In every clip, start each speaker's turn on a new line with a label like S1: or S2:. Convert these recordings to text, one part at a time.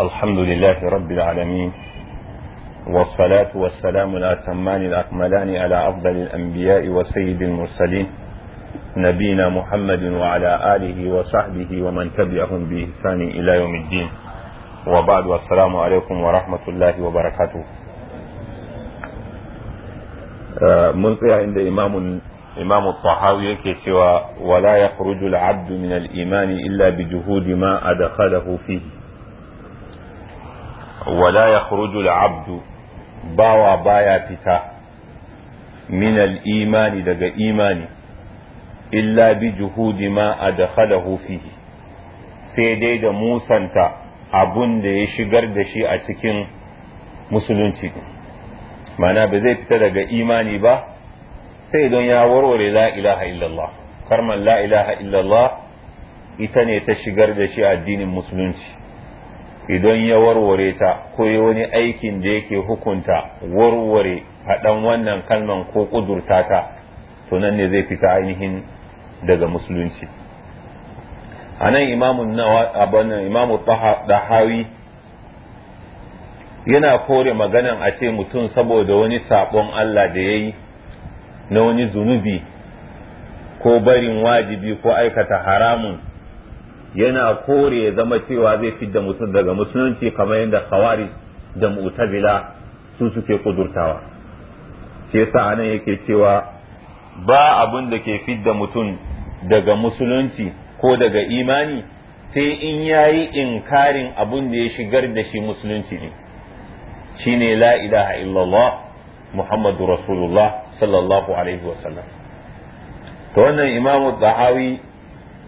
S1: الحمد لله رب العالمين والصلاة والسلام الأتمان الأكملان على أفضل الأنبياء وسيد المرسلين نبينا محمد وعلى آله وصحبه ومن تبعهم بإحسان إلى يوم الدين وبعد والسلام عليكم ورحمة الله وبركاته من عند إمام إمام الطحاوي كسوى ولا يخرج العبد من الإيمان إلا بجهود ما أدخله فيه wala ya abdu bawa baya fita minal imani daga imani illa bi juhudi ma da fihi sai dai da musanta abun da ya shigar da shi a cikin musulunci mana ba zai fita daga imani ba sai don ya warware la ilaha illallah karman la ilaha illallah ita ne ta shigar da shi a addinin musulunci idan ya warware ta ko yi wani aikin da yake hukunta warware haɗan wannan kalman ko ƙudurta ta to nan ne zai fita ainihin daga musulunci a nan imamu hawi yana kore maganan a ce mutum saboda wani saɓon Allah da ya yi na wani zunubi ko barin wajibi ko aikata haramun yana kore ya zama cewa zai fidda mutum daga musulunci kamar yadda khawarij da Mutabila su suke kudurtawa shi yasa anan yake cewa ba abun da ke fidda mutum daga musulunci ko daga imani sai in yayi inkarin abun da ya shigar da shi musulunci ne shine la ilaha illallah muhammadu rasulullah sallallahu alaihi wasallam to wannan imamu zahawi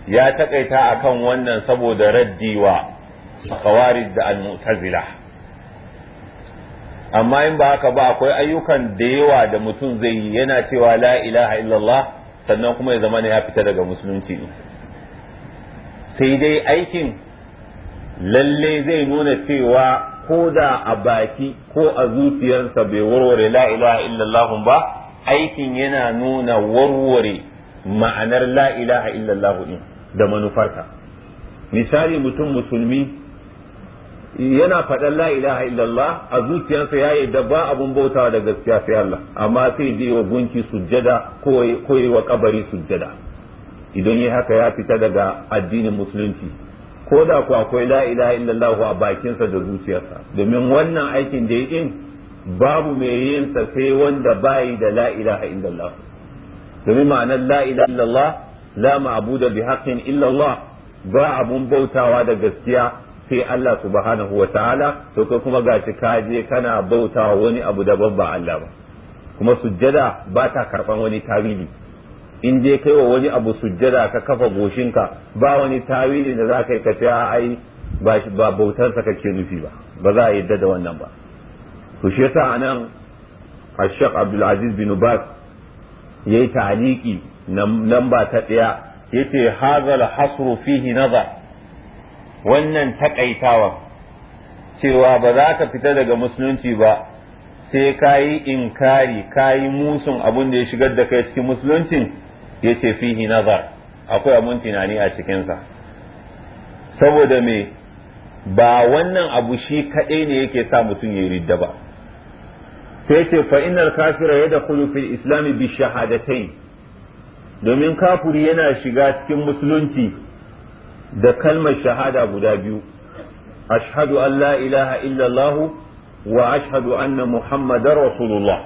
S1: ya takaita kan wannan saboda raddi wa da al-mu'tazila amma in ba haka ba akwai ayyukan da yawa da mutum zai yi yana cewa la ilaha illallah sannan kuma ya zama ya fita daga musulunci sai dai aikin lalle zai nuna cewa ko da a baki ko a zuciyarsa bai warware la ilaha illallah ba aikin yana nuna warware ma'anar la ilaha illallah din da manufarka misali mutum musulmi yana faɗan la ilaha illallah a zuciyarsa ya yi da ba abun bautawa da gaskiya sai Allah amma sai je wa gunki sujjada ko yi wa kabari sujjada idan yi haka ya fita daga addinin musulunci ko da ku akwai la ilaha illallah a bakinsa da zuciyarsa domin wannan aikin da yin babu mai yin sai wanda bayi da la ilaha illallah domin ma'anar la ilaha illallah la ma'buda bihaqqin illa Allah ba abun bautawa da gaskiya sai Allah subhanahu wa ta'ala to kai kuma gashi ka je kana bautawa wani abu daban ba Allah ba kuma sujjada ba ta karban wani tawili in je kai wa wani abu sujjada ka kafa ka ba wani tawili da za ka yi ka ai ba bautarsa kake nufi ba ba za a yadda da wannan ba to shi yasa anan Ashaq Abdul Aziz bin Bas yayi ta'aliki nan ba ta ɗaya yace hazal hasru fihi nazar wannan takaitawa cewa ba za ka fita daga musulunci ba sai ka yi inkari ka yi musun abun da ya shigar da kai cikin musuluncin yace fihi nazar akwai abin tunani a cikinsa saboda me ba wannan abu shi kaɗai ne yake sa mutum ya yi ridda ba sai ce fa innal kafira yadkhulu fil islami bi shahadatai. domin kafuri yana shiga cikin musulunci da kalmar shahada guda biyu ashhadu an la ilaha illallah wa ashhadu anna muhammadar rasulullah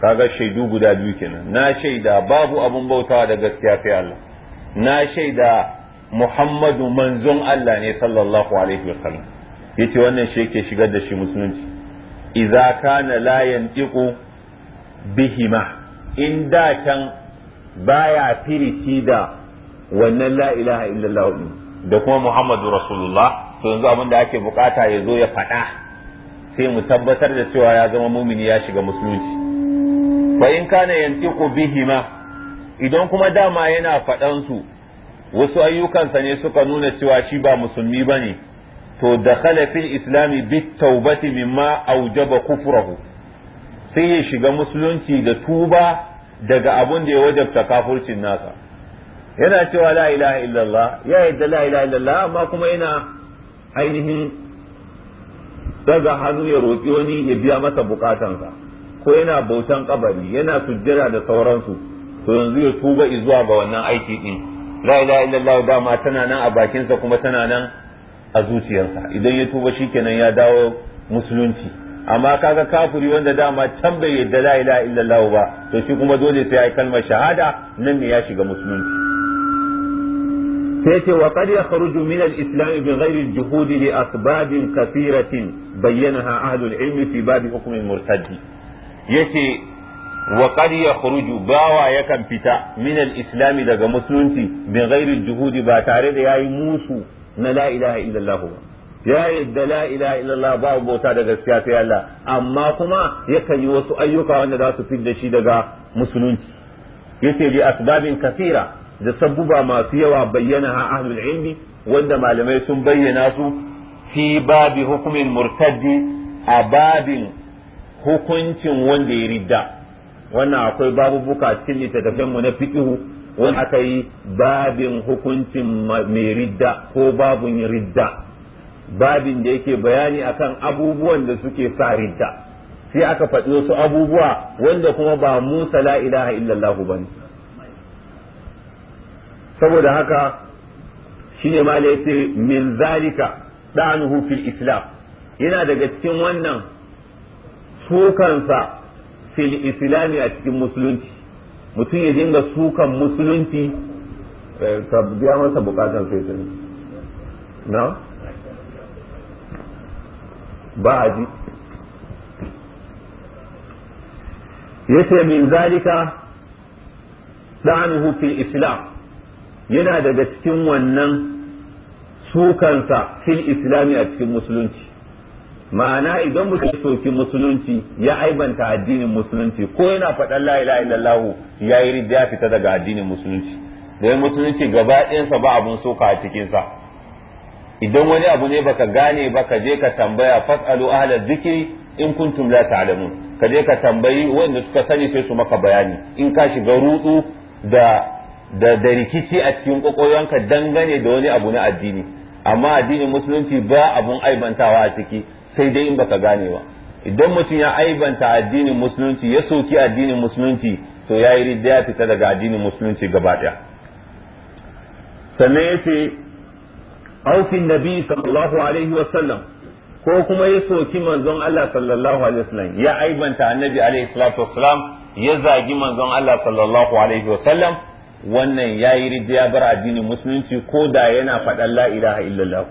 S1: kaga shaidu guda biyu kenan na shaida babu abun bautawa da gaskiya sai Allah na shaida muhammadu manzon Allah ne sallallahu alaihi wasallam yace wannan shi yake shigar da shi musulunci idza kana la yantiqu bihima in da baya firici da wannan la ilaha illallah da kuma muhammadu rasulullah to yanzu abin da ake bukata ya zo ya faɗa sai mu tabbatar da cewa ya zama mumini ya shiga musulunci fa in kana yantiqu bihima idan kuma dama yana faɗan su wasu ayyukansa ne suka nuna cewa shi ba musulmi bane to dakhala fil islami bit tawbati mimma awjaba kufrahu sai ya shiga musulunci da tuba daga abun da ya wajabta kafurcin nasa yana cewa la ilaha illallah ya yadda la ilaha illallah amma kuma yana ainihin daga hannu ya roƙi wani ya biya masa bukatansa ko yana bautan kabari yana sujjira da sauransu to yanzu ya tuba zuwa ga wannan aiki din la ilaha illallah dama tana nan a bakinsa kuma tana nan a zuciyarsa idan ya tuba shi shikenan ya dawo musulunci amma kaga kafuri wanda dama can bai yadda la ilaha illallah ba to shi kuma dole sai ya kalmar shahada nan ne ya shiga musulunci sai ce wa qad yakhruju min al-islam bi ghairi al-juhud li asbabin kathiratin bayyanaha ahlul ilmi fi bab hukm al-murtaddi yace wa qad yakhruju bawa yakan fita min al-islam daga musulunci bi ghairi al-juhud ba tare da yayi musu na la ilaha illallah ba ya yadda la ila illallah ba bauta da gaskiya sai Allah amma kuma yakan yi wasu ayyuka wanda za su fidda shi daga musulunci yace bi asbabin kasira da sabbuba masu yawa bayyana ha ahlul ilmi wanda malamai sun bayyana su fi babi hukumin murtaddi a babin hukuncin wanda ya ridda wannan akwai babu babubuka cikin littattafan mu na fiqhu wanda aka yi babin hukuncin mai ridda ko babun ridda babin da yake bayani akan abubuwan da suke sa ridda sai aka faɗi wasu abubuwa wanda kuma ba musa la ilaha illallahu ba ne saboda haka shine ma da yace min zalika danuhu fil islam yana daga cikin wannan sukansa fil islami a cikin musulunci mutum ya dinga sukan musulunci eh, ka biya masa bukatan sai na ba a ji yace min zalika da'anuhu fil islam yana daga cikin wannan sukansa fil islami a cikin musulunci ma'ana idan mutum ya soki musulunci ya aibanta addinin musulunci ko yana faɗan la ilaha illallah ya yi fita daga addinin musulunci don musulunci gaba ɗayansa ba abun soka a cikinsa idan wani abu ne baka gane ba ka je ka tambaya fasalu ahlal zikri in kuntum la ta'lamun ka je ka tambayi wanda suka sani sai su maka bayani in ka shiga rudu da da da rikici a cikin kokoyanka dangane da wani abu na addini amma addinin musulunci ba abun aibantawa a ciki sai dai in baka gane ba idan mutum ya aibanta addinin musulunci ya soki addinin musulunci to yayi ridda ya fita daga addinin musulunci gaba daya sannan yace aufin nabi sallallahu alaihi wa sallam ko kuma ya soki manzon Allah sallallahu alaihi wa sallam ya aibanta annabi alaihi salatu wasallam ya zagi manzon Allah sallallahu alaihi wa sallam. wannan yayi rijiya bar addinin musulunci ko da yana faɗan la ilaha illallah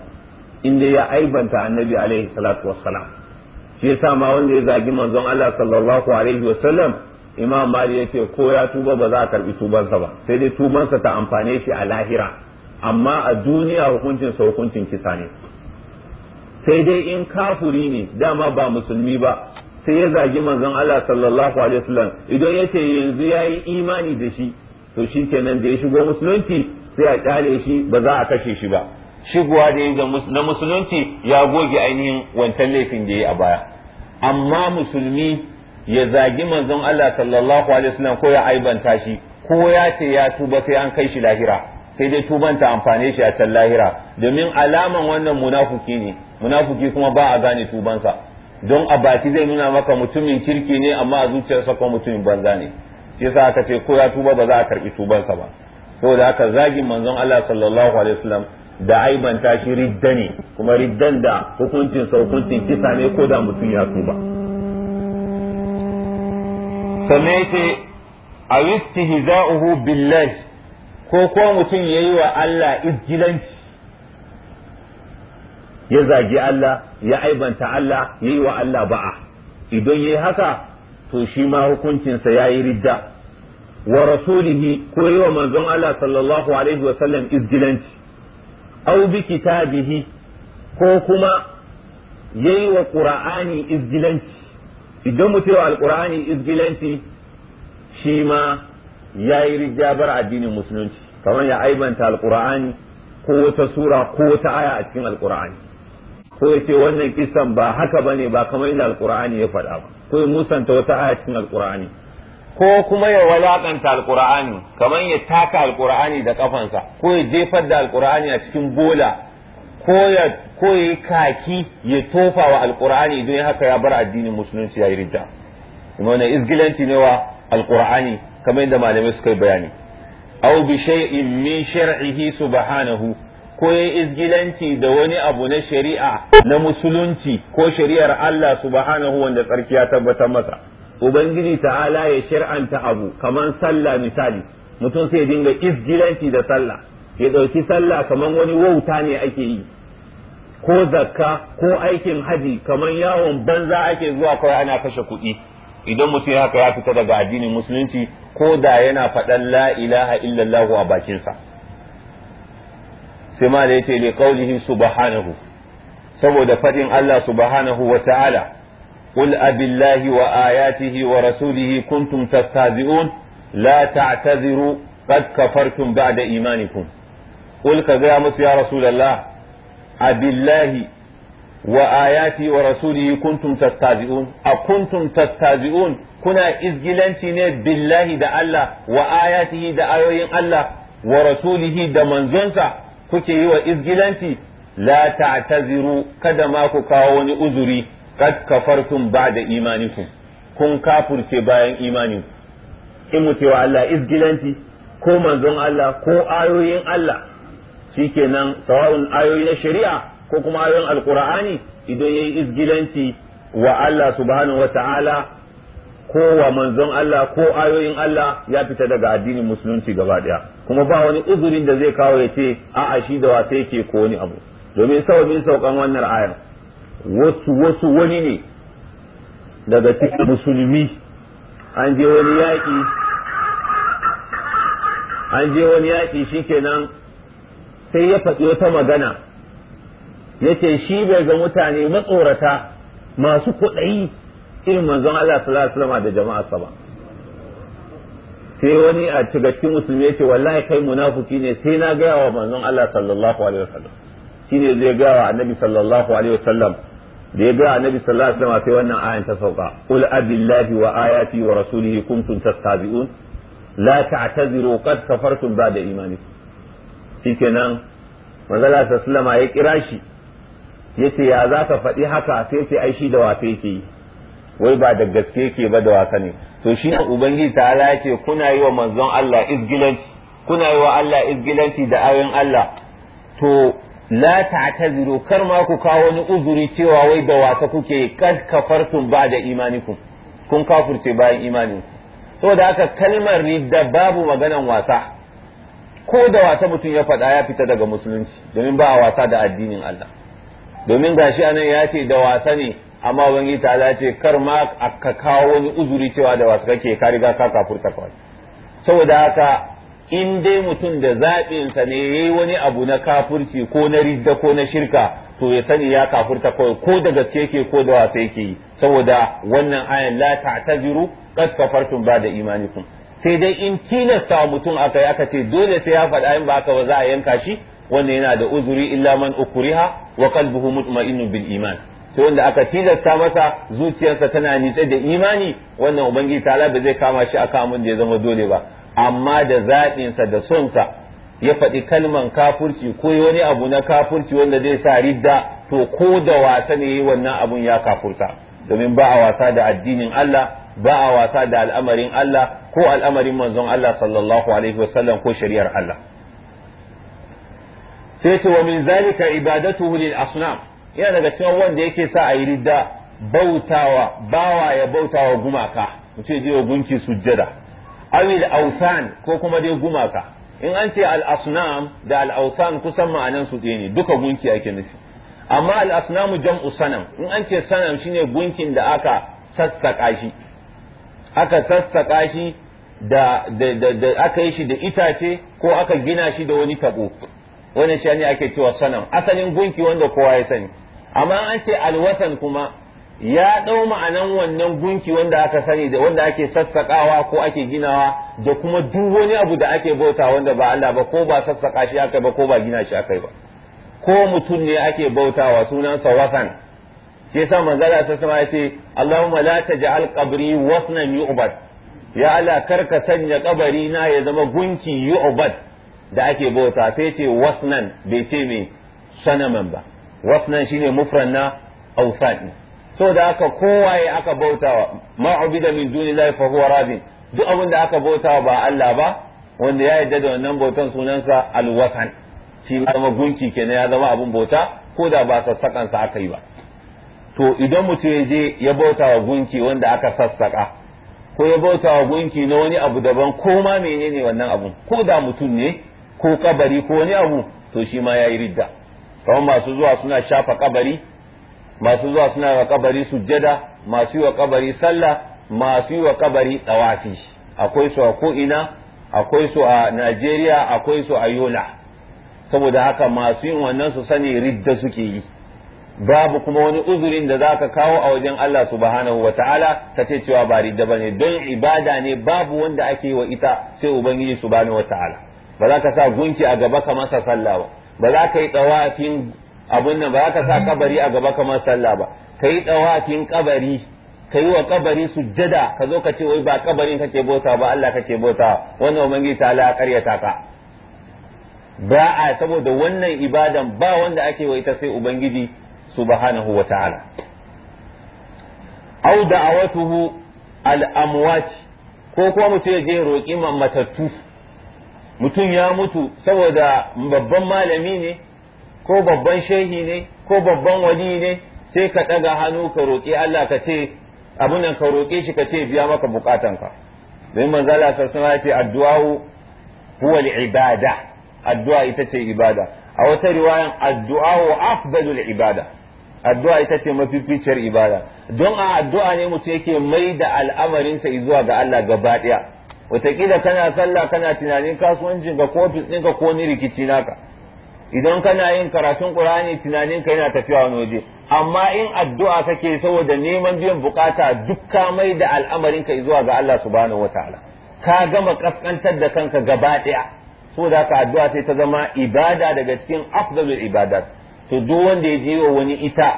S1: inda ya aibanta annabi alaihi salatu wassalam shi yasa ma wanda ya zagi manzon Allah sallallahu alaihi wa sallam imam mali yake ko ya tuba ba za a karbi tubansa ba sai dai tubansa ta amfane shi a lahira amma a duniya hukuncin sa hukuncin kisa ne sai dai in kafuri ne dama ba musulmi ba sai ya zagi manzon Allah sallallahu alaihi wasallam idan ya ce yanzu yayi imani da shi to shi kenan da ya shigo musulunci sai a kare shi ba za a kashe shi ba shigowa da ya na musulunci ya goge ainihin wancan laifin da ya a baya amma musulmi ya zagi manzon Allah sallallahu alaihi wasallam ko ya aibanta shi ko ya ce ya tuba sai an kai shi lahira sai dai tuban ta amfane shi a can lahira domin alaman wannan munafuki ne munafuki kuma ba a gane tubansa don a baki zai nuna maka mutumin kirki ne amma a zuciyarsa kuma mutumin banza ne shi yasa aka ce ko ya tuba ba za a karbi tubansa ba saboda haka zagin manzon Allah sallallahu alaihi wasallam da ta shi ridda ne kuma riddan da hukuncin sa hukuncin kisa ne ko da mutum ya tuba
S2: sannan yace
S1: awistihza'uhu billahi ko ko mutum ya yi wa Allah izgilanci ya zagi Allah ya aibanta Allah ya yi wa Allah ba'a idan ya yi haka to shi ma hukuncinsa ya yi ridda wa rasulihi ko yi wa manzon Allah sallallahu alaihi sallam izgilanci au bi kitabihi ko kuma ya yi wa ƙura'ani izgilanci idan mutum wa alƙura'ani izgilanci shi ma ya yi rijabar addinin musulunci kamar ya aibanta alkur'ani ko wata sura ko wata aya a cikin alkur'ani ko ya ce wannan kisan ba haka ba ne ba kamar ila alkur'ani ya faɗa ba ko ya musanta wata aya cikin alkur'ani ko kuma ya walakanta alkur'ani kamar ya taka alkur'ani da kafansa ko ya jefar da alkur'ani a cikin bola ko ya ko ya kaki ya tofa wa alkur'ani don haka ya bar addinin musulunci ya yi ridda kuma wannan izgilanci ne wa alkur'ani kamar yadda malamai suka yi bayani aw bi shay'in min shar'ihi subhanahu ko yayi izgilanci da wani abu na shari'a na musulunci ko shari'ar Allah subhanahu wanda tsarkiya ya tabbatar masa ubangiji ta'ala ya shar'anta abu kamar sallah misali mutum sai dinga izgilanci da sallah ya ɗauki sallah kamar wani wauta ne ake yi ko zakka ko aikin haji kamar yawon banza ake zuwa kawai ana kashe kuɗi idan mutum ya haka ya fita daga addinin musulunci ko da yana faɗan la ilaha illallahu a bakinsa sai ma da yace li qawlihi subhanahu saboda faɗin Allah subhanahu wa ta'ala qul abillahi wa ayatihi wa rasulihi kuntum tastahzi'un la ta'tadiru qad kafartum ba'da imanikum qul ka gaya musu ya rasulullah abillahi wa ayati wa rasuli kuntum tattazi'un a kuntum tattazi'un kuna izgilanci ne billahi da Allah wa ayatihi da ayoyin Allah wa rasulihi da manzonsa kuke yi wa izgilanci la ta'taziru kada ma ku kawo wani uzuri kad kafartum ba'da imanikum kun kafurce bayan imanin in mu wa Allah izgilanci ko manzon Allah ko ayoyin Allah shikenan sawa'un ayoyi na shari'a ko kuma ayoyin alkur'ani idan yayi izgilanci wa Allah subhanahu ta'ala ko wa manzon Allah ko ayoyin Allah ya fita daga addinin musulunci gaba daya kuma ba wani uzurin da zai kawo ya ce a'a shi da wasa yake ko wani abu domin sauƙin saukan wannan ayar wasu wasu wani ne daga cikin musulmi an je wani yaƙi an je wani yaƙi shikenan sai ya faɗi wata magana yace shi bai ga mutane matsorata masu kuɗayi irin manzon Allah sallallahu alaihi wasallam da jama'a sa ba sai wani a cikin musulmi yace wallahi kai munafiki ne sai na gaya wa manzon Allah sallallahu alaihi wasallam shine zai ga wa annabi sallallahu alaihi wasallam da ya ga annabi sallallahu alaihi wasallam sai wannan ayan ta sauka qul abillahi wa ayati wa rasulihi kuntum tastabi'un la ta'taziru qad kafartum ba'da imanikum shikenan manzon Allah sallallahu alaihi wasallam ya kira shi yace ya za ka faɗi haka sai ce ai shi da wafe ke yi wai ba da gaske ke ba da wasa ne to shi ne ubangiji ta ala yace kuna yi wa manzon Allah izgilanci kuna yi wa Allah izgilanci da ayoyin Allah to la ta'taziru kar ma ku kawo wani uzuri cewa wai da wasa kuke kad kafartum ba da imanikum kun kafurce bayan imanin saboda haka kalmar da babu maganan wasa ko da wasa mutum ya faɗa ya fita daga musulunci domin ba a wasa da addinin Allah domin gashi anan ya ce da wasa ne amma wani ta ce kar ma aka kawo wani uzuri cewa da wasa kake ka riga ka kafurta kawai saboda haka in dai mutum da zaɓinsa ne ya yi wani abu na kafurci ko na ridda ko na shirka to ya sani ya kafurta kawai ko da gaske yake ko da wasa yake yi saboda wannan ayan la ta'taziru qad kafartum ba'da imanikum sai dai in tilasta mutum aka yi aka ce dole sai ya faɗa in ba ka ba za a yanka shi wanda yana da uzuri illa man ukuriha wa qalbuhu mutma'innun bil iman To wanda aka tilasta masa zuciyarsa tana nitse da imani wannan ubangiji ta'ala ba zai kama shi akan mun da ya zama dole ba amma da zaɓinsa da sonsa ya faɗi kalman kafurci ko wani abu na kafurci wanda zai sa ridda to ko da wasa ne wannan abun ya kafurta domin ba a wasa da addinin Allah ba a wasa da al'amarin Allah ko al'amarin manzon Allah sallallahu alaihi wasallam ko shari'ar Allah sai ce wa min zalika ibadatuhu lil asnam yana daga cikin wanda yake sa a yi ridda bautawa bawa ya bautawa gumaka mutum je gunki sujjada awil ausan ko kuma dai gumaka in an ce al asnam da al awsan kusan ma'anan su ɗaya ne duka gunki ake nufi amma al asnam jam'u sanam in an ce sanam shine gunkin da aka sassaka shi aka sassaka shi da aka yi shi da itace ko aka gina shi da wani tabo Wani shi ne ake cewa sanam asalin gunki wanda kowa ya sani amma an ce alwatan kuma ya ɗau ma'anan wannan gunki wanda aka sani da wanda ake sassakawa ko ake ginawa da kuma duk wani abu da ake bauta wanda ba Allah ba ko ba sassaka shi aka ba ko ba gina shi akai ba ko mutum ne ake bautawa sunansa wasan shi yasa manzala ta sama yace Allahumma la taj'al qabri wasnan yu'bad ya Allah kar ka sanya kabari na ya zama gunki yu'bad da ake bauta sai ce wasnan bai ce mai sanaman ba wasnan shine mufran na awsan so da aka kowaye aka bautawa ma ubida min dunillahi fa huwa rabin duk abin da aka bauta ba Allah ba wanda ya yarda da wannan bautan sunansa alwasan shi zama gunki kenan ya zama abin bauta ko da ba sassakan aka yi ba to idan mutum ya je ya bautawa gunki wanda aka sassaka ko ya bauta wa gunki na wani abu daban ko ma menene wannan abun ko da mutum ne ko kabari ko wani abu to shi ma ya yi ridda kamar masu zuwa suna shafa kabari masu zuwa suna wa kabari sujjada masu yi wa kabari sallah masu yi wa kabari tsawafi akwai su a ko'ina akwai su a najeriya akwai su a yola saboda haka masu yin wannan su sani ridda suke yi babu kuma wani uzurin da za ka kawo a wajen Allah subhanahu wa ta'ala ta ce cewa ba ridda ba ne don ibada ne babu wanda ake yi wa ita sai ubangiji subhanahu wa ta'ala ba za ka sa gunki a gaba ka masa sallah ba ba za ka yi tsawafin abun nan ba za ka sa kabari a gaba ka masa sallah ba ka yi tsawafin kabari ka yi wa kabari sujjada ka zo ka ce wai ba kabarin kake bota ba Allah kake bota wannan ubangiji ta Allah ya karyata ka ba a saboda wannan ibadan ba wanda ake wa ita sai ubangiji subhanahu wa ta'ala au da'awatuhu al-amwat ko kuma mu ya je roƙi matattu mutum ya mutu saboda babban malami ne ko babban shehi ne ko babban wali ne sai ka ɗaga hannu ka roƙi Allah ka ce abin nan ka roƙe shi ka ce biya maka buƙatanka. domin manzo Allah sallallahu alaihi wasallam ya ce addu'a huwa al-ibada addu'a ita ce ibada a wata riwayan addu'a wa afdalul ibada addu'a ita ce mafificiyar ibada don a addu'a ne mutum yake mai da al'amarinsa zuwa ga Allah gaba ɗaya wataƙila kana sallah kana tunanin kasuwancin ka ko ofis ɗinka ko ni rikici naka idan kana yin karatun qur'ani tunanin ka yana tafiya wani waje amma in addu'a kake saboda neman biyan bukata duk ka mai da al'amarin ka zuwa ga Allah subhanahu wataala ka gama kaskantar da kanka gaba ɗaya saboda ka addu'a sai ta zama ibada daga cikin afdalul ibadat to duk wanda ya je wa wani ita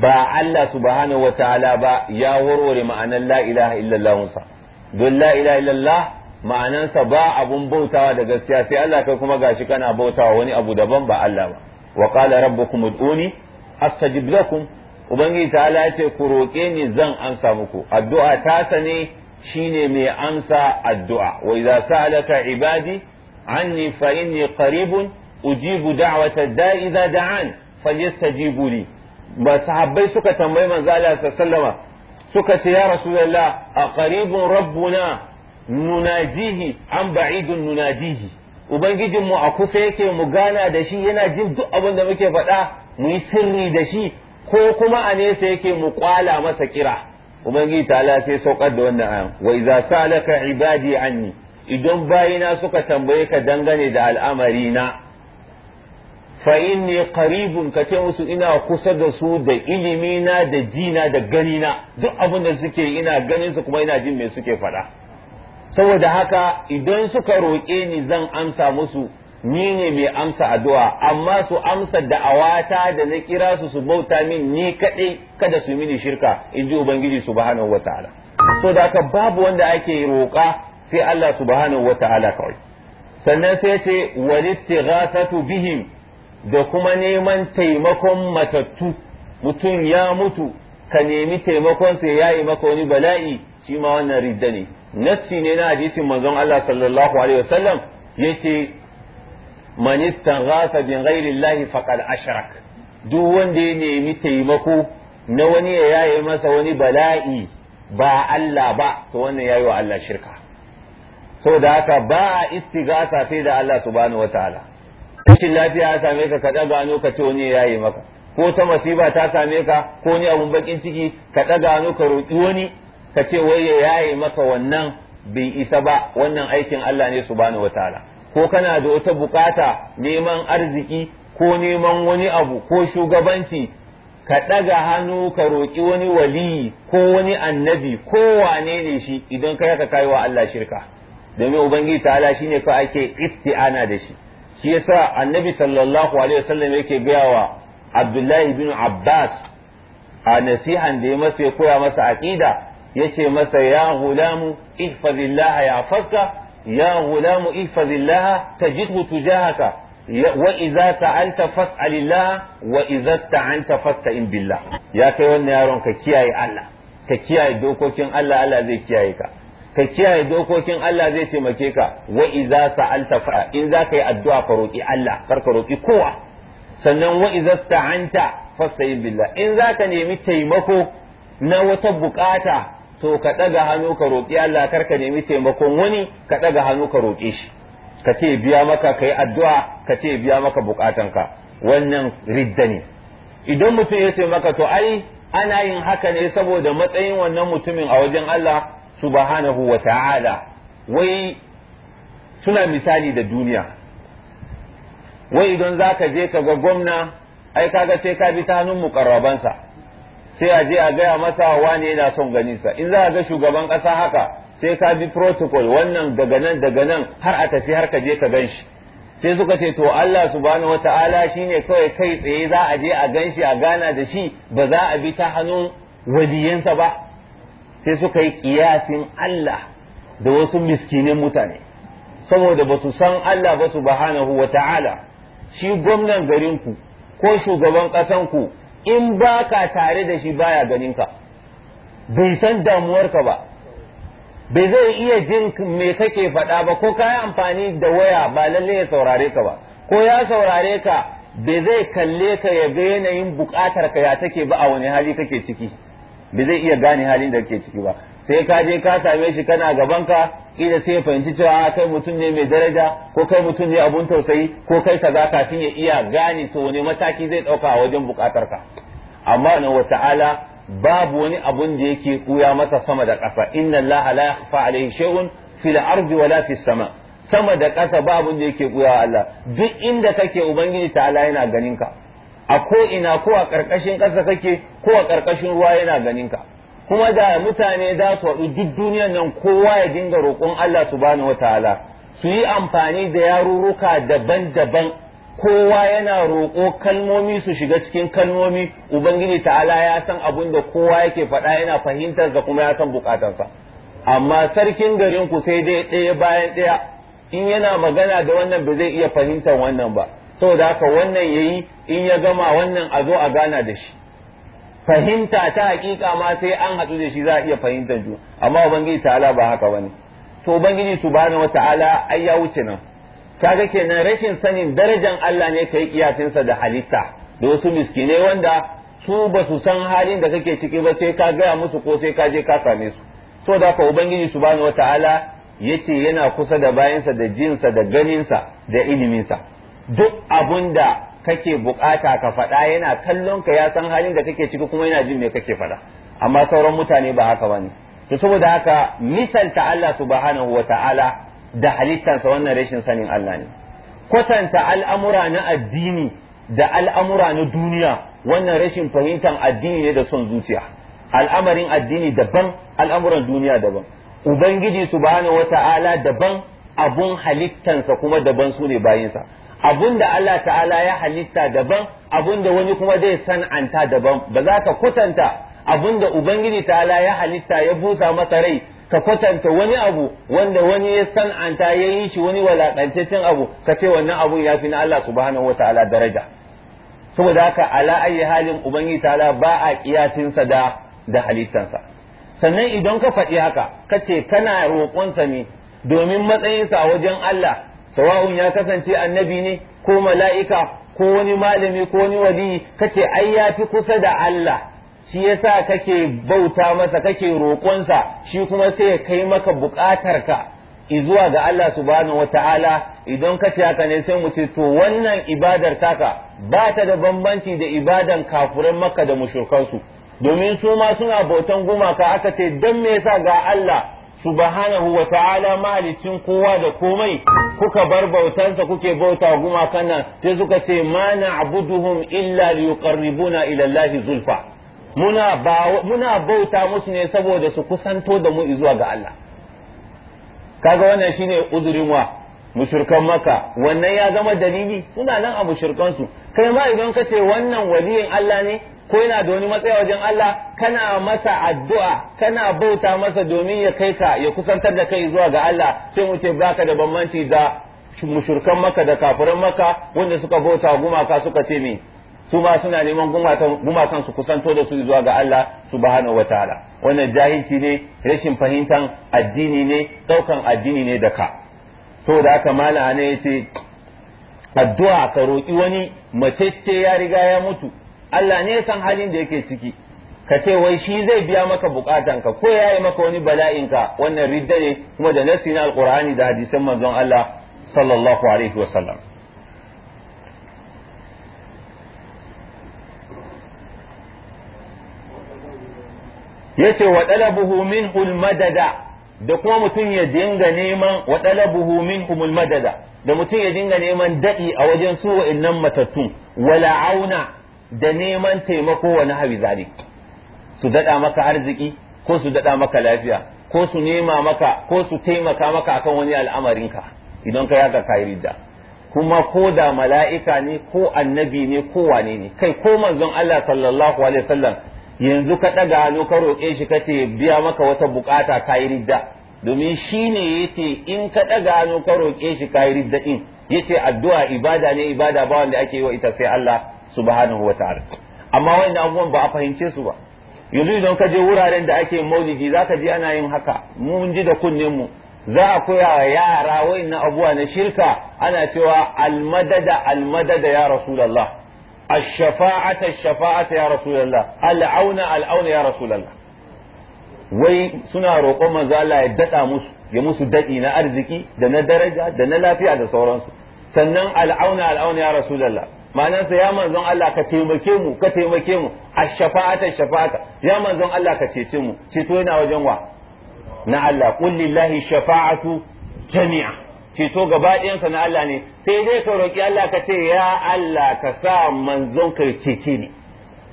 S1: ba Allah subhanahu wataala ba ya warware ma'anar la ilaha illallah don la ilaha ma'anansa ba abun bautawa da gaskiya sai Allah kai kuma gashi kana bautawa wani abu daban ba Allah ba wa qala rabbukum ud'uni astajib lakum ubangiji ta Allah yace ku roke ni zan amsa muku addu'a ta sane shine mai amsa addu'a wa idza sa'alaka ibadi anni fa inni qaribun ujibu da'wata da'i idza da'an falyastajibu li ba sahabbai suka tambayi manzo Allah sallallahu alaihi suka ce ya rasulullah a qaribun rabbuna nunajihi an ba'idun nunajihi ubangijinmu a kusa yake mu gana da shi yana jin duk abin da muke faɗa mu yi sirri da shi ko kuma a nesa yake mu kwala masa kira ubangiji ala sai saukar da wannan ayan wa idza salaka ibadi anni idan bayina suka tambaye ka dangane da al'amari na fa inni qaribun ka ce musu ina kusa da su da ilimi na da jina da gani na duk abin da suke ina ganin su kuma ina jin me suke faɗa saboda haka idan suka roƙe ni zan amsa musu ni ne mai amsa addu'a amma su amsa da'awata da na kira su su bauta min ni kaɗai kada su mini shirka in ji ubangiji subhanahu wataala so da haka babu wanda ake roƙa sai Allah subhanahu wataala kawai sannan sai ce walistighathatu bihim da kuma neman taimakon matattu mutum ya mutu ka nemi taimakon sai ya yi maka wani bala'i shi ma wannan ridda ne nassi ne na hadisin manzon Allah sallallahu alaihi wasallam yace man istaghatha bi ghairi Allah faqad ashrak duk wanda ya nemi taimako na wani ya yaye masa wani bala'i ba Allah ba to wannan yayi wa Allah shirka saboda haka ba istighatha sai da Allah subhanahu wataala rashin lafiya ya same ka ka ɗaga hannu ka ce wani ya yi maka ko ta masiba ta same ka ko ni abun bakin ciki ka ɗaga hannu ka roƙi wani ka ce wai ya yi maka wannan bai isa ba wannan aikin Allah ne subhanahu wataala ko kana da wata bukata neman arziki ko neman wani abu ko shugabanci ka ɗaga hannu ka roƙi wani waliyi ko wani annabi ko wane ne shi idan kai ka kai wa Allah shirka domin ubangiji ta'ala shine fa ake isti'ana da shi shi yasa annabi sallallahu alaihi wasallam yake gaya wa abdullahi bin abbas a nasihan da ya masa ya koya masa aqida yace masa ya gulamu ihfazillah ya faska ya gulamu ihfazillah tajidhu tujahaka wa idza ta'alta fas'alillah wa idza ta'anta fasta'in billah ya kai wannan yaron ka kiyaye Allah ka kiyaye dokokin Allah Allah zai kiyaye ka ka kiyaye dokokin Allah zai taimake ka wa iza sa'alta fa in za ka yi addu'a ka roki Allah kar ka roki kowa sannan wa iza sta'anta fasta'in billah in za ka nemi taimako na wata bukata to ka daga hannu ka roki Allah kar ka nemi taimakon wani ka daga hannu ka roki shi ka ce biya maka ka yi addu'a ka ce biya maka ka wannan ridda ne idan mutum ya ce maka to ai ana yin haka ne saboda matsayin wannan mutumin a wajen Allah subhanahu wa ta'ala wai suna misali da duniya wai idan za ka je ka ga gwamna ai kaga sai ka bi ta hannun mukarrabansa sai a je a gaya masa ne yana son ganinsa in za a ga shugaban ƙasa haka sai ka bi protocol wannan daga nan daga nan har a tafi har ka je ka gan shi sai suka ce to Allah subhanahu wata'ala shine kawai kai tsaye za a je a gan shi a gana da shi ba za a bi ta hannun wadiyansa ba sai suka yi kiyasin Allah da wasu miskinin mutane saboda ba su san Allah ba su subhanahu wa ta'ala shi gwamnan garinku ko shugaban ƙasanku in ba ka tare da shi baya ganinka bai san damuwarka ba bai zai iya jin me kake faɗa ba ko ka yi amfani da waya ba lalle ya saurare ka ba ko ya saurare ka bai zai kalle ka ya ga yanayin buƙatar ka ya take ba a wani hali kake ciki ba zai iya gane halin da kake ciki ba sai ka je ka same shi kana gaban ka idan sai fahimci cewa ah, kai mutum ne mai daraja ko kai mutum ne abun tausayi ko kai kaza kafin ya iya gane to wani mataki zai dauka a wajen bukatar ka amma na wa ta'ala babu wani abun da yake kuya masa sama da kasa inna allaha la yakhfa alayhi shay'un fil ardi wala fis sama sama da kasa babu da yake kuya Allah duk inda kake ubangiji ta'ala yana ganin ka a ko ina ko a ƙarƙashin ƙasa kake ko a ƙarƙashin ruwa yana ganin ka kuma da mutane za su haɗu duk duniyan nan kowa ya dinga roƙon Allah su bani subhanahu ta'ala su yi amfani da yarurruka daban-daban kowa yana roƙo kalmomi su shiga cikin kalmomi ubangiji ta'ala ya san abin da kowa yake faɗa yana fahimtar da kuma ya san buƙatarsa amma sarkin garin ku sai dai ɗaya bayan ɗaya in yana magana da wannan ba zai iya fahimtar wannan ba saboda haka wannan yayi in ya gama wannan a zo a gana da shi fahimta ta hakika ma sai an haɗu da shi za a iya fahimtar juna amma ubangiji ta'ala ba haka bane to ubangiji subhanahu wata'ala ai ya wuce nan kaga kenan rashin sanin darajan Allah ne kai sa da halitta da wasu miskinai wanda su ba su san halin da kake ciki ba sai ka gaya musu ko sai ka je ka same su so da haka ubangiji subhanahu wata'ala yace yana kusa da bayansa da jinsa da ganinsa da iliminsa duk abun da kake bukata ka faɗa yana kallon ka ya san halin da kake ciki kuma yana jin me kake faɗa amma sauran mutane ba haka bane to saboda haka misalta Allah subhanahu wata'ala da halittansa wannan rashin sanin Allah ne kwatanta al'amura na addini da al'amura na duniya wannan rashin fahimtar addini ne da son zuciya al'amarin addini daban al'amuran duniya daban ubangiji subhanahu wata'ala daban abun halittansa kuma daban su ne bayinsa abun da Allah ta'ala ya halitta daban abun da wani kuma zai san'anta daban ba za ka kwatanta abun da ubangiji ta'ala ya halitta ya busa masa rai ka kwatanta wani abu wanda wani ya san'anta ya yi shi wani walakantaccen abu ka ce wannan abun ya fi na Allah subhanahu wa ta'ala daraja saboda haka ala ayi halin ubangiji ta'ala ba a sa da da halittansa sannan idan ka faɗi haka ka ce kana roƙonsa ne domin matsayinsa a wajen Allah sawa'un ya kasance annabi ne ko mala'ika ko wani malami ko wani wali kace ai ya fi kusa da Allah shi yasa kake bauta masa kake roƙonsa shi kuma sai ya kai maka buƙatarka izuwa ga Allah subhanahu wata'ala idan kace haka ne sai mu ce to wannan ibadar taka ba ta da bambanci da ibadan kafuran makka da mushrikansu domin su ma suna bautan gumaka aka ce dan me yasa ga Allah subhanahu wa ta'ala malicin kowa da komai kuka bar bautansa kuke bauta gumakan nan sai suka ce ma na'buduhum illa liyuqarribuna ila Allah zulfa muna muna bauta musu ne saboda su kusanto da mu zuwa ga Allah kaga wannan shine uzurin wa mushrikan maka wannan ya zama dalili suna nan a mushrikan su kai ma idan ka ce wannan waliyin Allah ne ko yana da wani matsaya wajen Allah kana masa addu'a kana bauta masa domin ya kai ka ya kusantar da kai zuwa ga Allah sai mu ce baka da bambanci da mushurkan maka da kafirin maka wanda suka bauta gumaka suka ce me su ma suna neman gumakan su kusanto da su zuwa ga Allah subhanahu wataala wannan jahilci ne rashin fahimtan addini ne daukan addini ne da ka to da aka mala ne yace addu'a ka roki wani mace ce ya riga ya mutu Allah ne san halin da yake ciki ka ce wai shi zai biya maka bukatanka ko ya yi maka wani bala'inka wannan ridda ne kuma da nasi na alkur'ani da hadisan manzon Allah sallallahu alaihi wa sallam yace wa talabuhu minhu almadada da kuma mutum ya dinga neman wa talabuhu minhum almadada da mutum ya dinga neman dadi a wajen su wa'annan matattun wala auna da neman taimako wani hawi zalik su daɗa maka arziki ko su dada maka lafiya ko su nema maka ko su taimaka maka akan wani al'amarin ka idan ka yaka kai ridda kuma ko da mala'ika ne ko annabi ne ko wane ne kai ko manzon Allah sallallahu alaihi wasallam yanzu ka daga hannu ka roƙe shi ka ce biya maka wata bukata kai ridda domin shi ne yace in ka ɗaga hannu ka roƙe shi kai ridda din yace addu'a ibada ne ibada ba wanda ake yi wa ita sai Allah subhanahu wa ta'ala amma wanda abubuwan ba a fahimce su ba yanzu idan ka je wuraren da ake maulidi zaka ji ana yin haka mun ji da kunnen mu za a koya wa yara wayannan abuwa na shirka ana cewa almadada almadada ya rasulallah ash-shafa'ata ash-shafa'ata ya rasulallah al-auna al-auna ya rasulallah. wai suna roƙon manzo Allah ya dada musu ya musu dadi na arziki da na daraja da na lafiya da sauransu sannan al'auna al'auna ya rasulullah ma'anarsa ya manzon Allah ka taimake mu ka taimake mu ash-shafa'ata shafa'ata ya manzon Allah ka cece mu ceto yana wajen wa na Allah qul lillahi shafa'atu jami'a ceto gaba ɗayansa na Allah ne sai dai ka roki Allah ka ce ya Allah ka sa manzon ka cece ni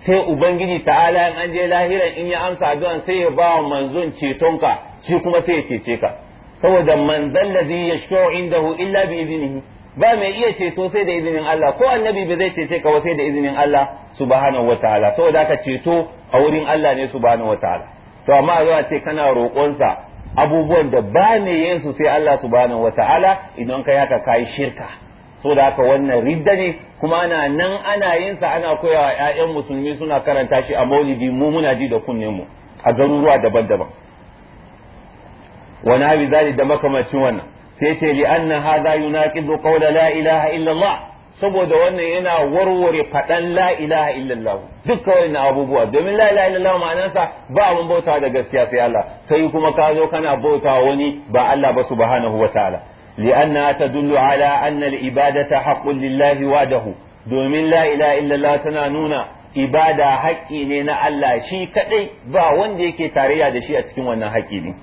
S1: sai ubangiji ta'ala in an je lahiran in ya amsa addu'an sai ya ba wa manzon ka shi kuma sai ya cece ka saboda manzon ladhi yashfa'u indahu illa bi idnihi ba mai iya ceto sai da izinin Allah ko annabi ba zai cece ka sai da izinin Allah subhanahu wataala saboda haka ceto a wurin Allah ne subhanahu wataala to amma a zuwa ce kana roƙonsa abubuwan da ba ne yin su sai Allah subhanahu wataala idan kai haka kai shirka saboda haka wannan ridda ne kuma ana nan ana yin sa ana koyawa ƴaƴan musulmi suna karanta shi a maulidi mu muna ji da kunnen mu a garuruwa daban-daban wani abi zali da makamacin wannan sai ce li anna hadha yunaqidu qawla la ilaha illa Allah saboda wannan yana warware faɗan la ilaha illallah dukkan wannan abubuwa domin la ilaha illallah ma'anarsa ba abun bauta da gaskiya sai Allah sai kuma ka zo kana bauta wani ba Allah ba subhanahu wataala li'anna tadullu ala anna al-ibadata haqqun lillahi wahdahu domin la ilaha illallah tana nuna ibada haƙƙi ne na Allah shi kadai ba wanda yake tarayya da shi a cikin wannan haƙƙi ne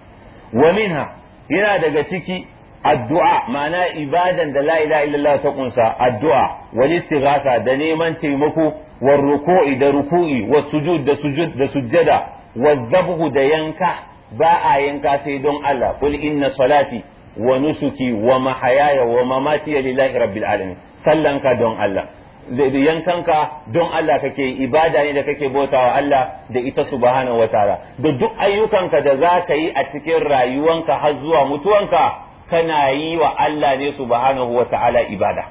S1: wa minha yana daga ciki addu'a ma'ana ibadan da la ilaha illallah ta kunsa addu'a wani istighatha da neman taimako wa ruku'i da ruku'i was sujud da sujud da sujjada wa zabhu da yanka ba a yanka sai don Allah qul inna salati wa nusuki wa mahayaya wa mamati lillahi rabbil alamin sallanka don Allah da yankanka don Allah kake ibada ne da kake wa Allah da ita subhanahu wataala da duk ayyukanka da za ka yi a cikin rayuwanka har zuwa mutuwanka kana yi wa Allah ne subhanahu wa ta'ala ibada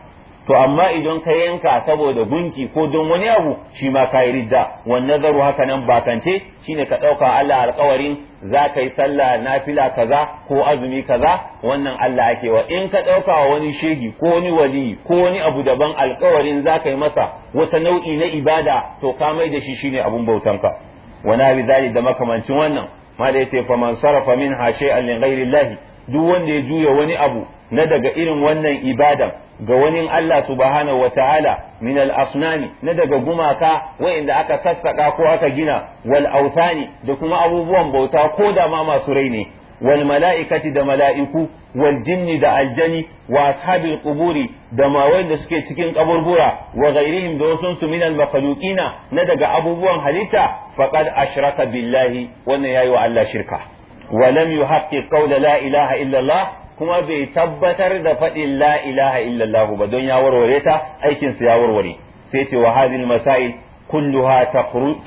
S1: to amma idan ka yanka saboda gunki ko don wani abu shi ma ka yi ridda wannan nazaru haka nan bakance shine ka ɗauka Allah alƙawarin za ka yi sallah nafila kaza ko azumi kaza wannan Allah ake wa in ka ɗauka wa wani shegi ko wani wali ko wani abu daban alƙawarin za ka yi masa wata nau'i na ibada to ka mai da shi shine abun bautanka wana bi zali da makamancin wannan ma da yace faman sarafa ha shay'an li ghairi duk wanda ya juya wani abu na daga irin wannan ibadan ga wani Allah subhanahu wataala min al-asnani na daga gumaka wa'inda aka sassaka ko aka gina wal autani da kuma abubuwan bauta ko da ma masu rai ne wal mala'ikati da mala'iku wal jinni da aljani wa ashabil quburi da ma wanda suke cikin kaburbura wa ghairihim da wasu su min al makhluqina na daga abubuwan halitta faqad ashraka billahi wannan yayi wa Allah shirka wa lam yuhaqqiq qawla la ilaha illallah kuma bai tabbatar da faɗin la ilaha illallah ba don ya warware ta aikin sa ya warware sai ce wa hadhihi masail kulluha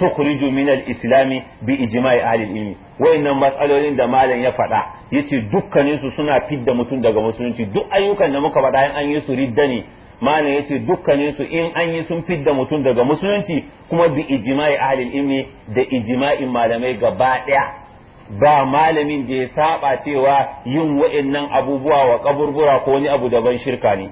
S1: tukhriju min al-islam bi ijma'i ahli al-ilm wayannan matsalolin da malam ya faɗa yace dukkanin su suna fidda mutum daga musulunci duk ayyukan da muka faɗa an yi su ridda ne malam yace dukkanin in an yi sun fidda mutum daga musulunci kuma bi ijimai ahli al-ilm da ijma'in malamai gaba ɗaya. ba malamin da ya saba cewa yin wa'annan abubuwa wa kaburbura ko wani abu daban shirka ne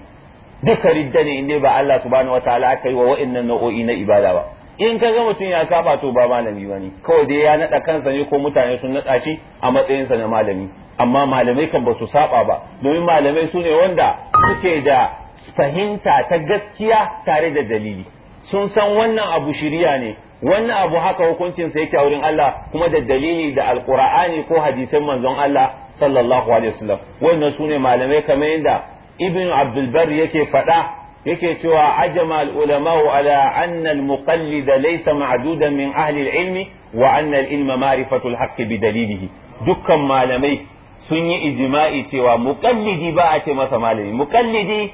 S1: duka ridda ne inda ba Allah subhanahu wataala aka yi wa wa'annan nau'o'i na ibada ba in ka ga mutum ya saba to ba malami ba ne kawai dai ya naɗa kansa ne ko mutane sun naɗa shi a matsayinsa na malami amma malamai kan ba su saba ba domin malamai sune wanda suke da fahimta ta gaskiya tare da dalili sun san wannan abu shiriya ne wannan abu haka hukuncin sa yake a wurin Allah kuma da dalili da alqur'ani ko hadisin manzon Allah sallallahu alaihi wasallam wannan sune malamai kamar yadda ibn abdul bar yake fada yake cewa ajma al ulama ala anna al muqallid laysa ma'dudan min ahli al ilmi wa anna al ilma ma'rifatu al haqq bi dalilihi dukkan malamai sun yi ijma'i cewa muqallidi ba a ce masa malami muqallidi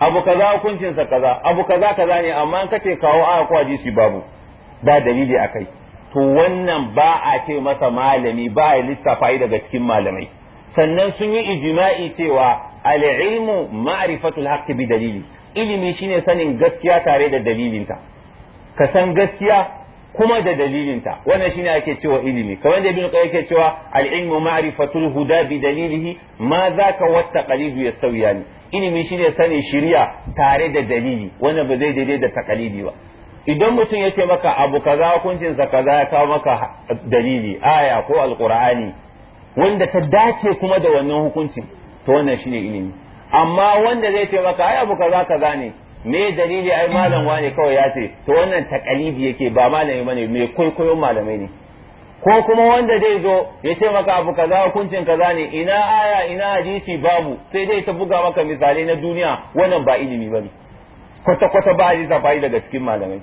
S1: abu kaza hukuncinsa kaza abu kaza kaza ne amma kace kawo aya ko hadisi babu ba dalili a kai to wannan ba a ce masa malami ba a lissafa daga cikin malamai sannan sun yi ijma'i cewa al-ilmu ma'rifatul haqq bi dalili ilimi shine sanin gaskiya tare da dalilinta ka san gaskiya kuma da dalilinta wannan shine ake cewa ilimi kamar da ibn qayyim yake cewa al-ilmu ma'rifatul huda bi dalilihi ma zaka watta qalidu yastawiyani ilimi shine sanin shari'a tare da dalili wannan ba zai daidai da taqalidi ba idan mutum ya ce maka abu kaza hukuncinsa kaza ya kawo maka dalili aya ko alkur'ani wanda ta dace kuma da wannan hukuncin to wannan shine ilimi amma wanda zai ce maka ai abu kaza kaza ne me dalili ai malam wane kawai ya ce to wannan takalifi yake ba malami bane me kwaikwayon malamai ne ko kuma wanda zai zo ya ce maka abu kaza hukuncin kaza ne ina aya ina hadisi babu sai dai ta buga maka misali na duniya wannan ba ilimi bane kwata-kwata ba a zafa'i daga cikin malamai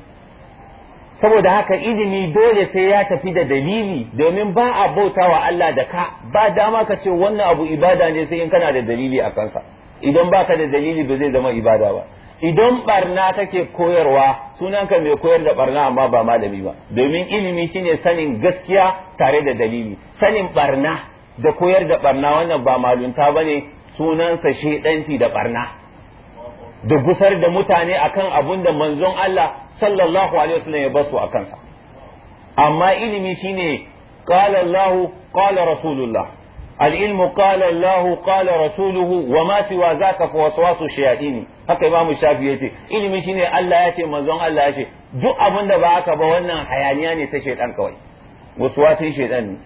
S1: saboda haka ilimi dole sai ya tafi da dalili domin ba a bauta wa Allah da ka ba dama ka ce wannan abu ibada ne sai in kana da dalili a kansa idan baka da dalili ba zai zama ibada ba idan barna kake koyarwa sunanka mai koyar da barna amma ba malami ba domin ilimi shine sanin gaskiya tare da dalili sanin barna da koyar da barna wannan ba malunta bane sunansa shedanci da barna da gusar da mutane akan abun da manzon Allah sallallahu alaihi wasallam ya basu akansa amma ilimi shine qala Allah qala rasulullah al-ilmu qala Allah qala rasuluhu wa ma siwa zaka fa waswasu shayatin haka imam shafi yace ilimi shine Allah yace manzon Allah yace duk abun da ba aka ba wannan hayaniya ne ta shaytan kawai waswasin shaytan ne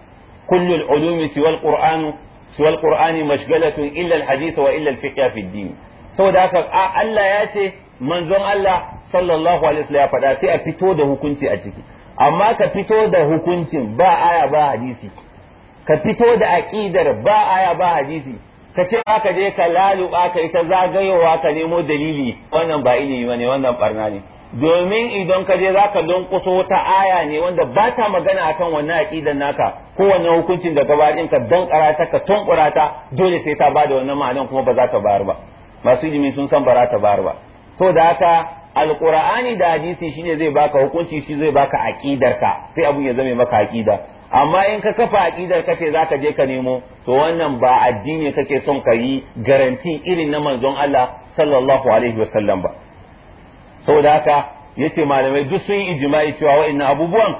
S1: kullul ulumi siwa al-qur'anu siwa al-qur'ani mashghalatun illa al-hadith wa illa al-fiqh fi ad-din saboda haka Allah ya ce manzon Allah sallallahu alaihi wasallam ya faɗa sai a fito da hukunci a ciki amma ka fito da hukuncin ba aya ba hadisi ka fito da aqidar ba aya ba hadisi ka ce aka je ka laluba ka ita zagayowa ka nemo dalili wannan ba ilimi bane wannan barna ne domin idan ka je zaka dunkuso ta aya ne wanda ba ta magana akan wannan aqidar naka ko wannan hukuncin da gaba ka dankara ta ka ta, dole sai ta bada wannan ma'anan kuma ba za ta bayar ba masu ilimi sun san bara ta bar ba to da haka alqur'ani da hadisi shine zai baka hukunci shi zai baka ka sai abun ya zame maka aqida amma in ka kafa aqidar ka ce zaka je ka nemo to wannan ba addini kake son ka yi garanti irin na manzon Allah sallallahu alaihi sallam ba da haka yace malamai duk sun yi ijma'i cewa wa'annan abubuwan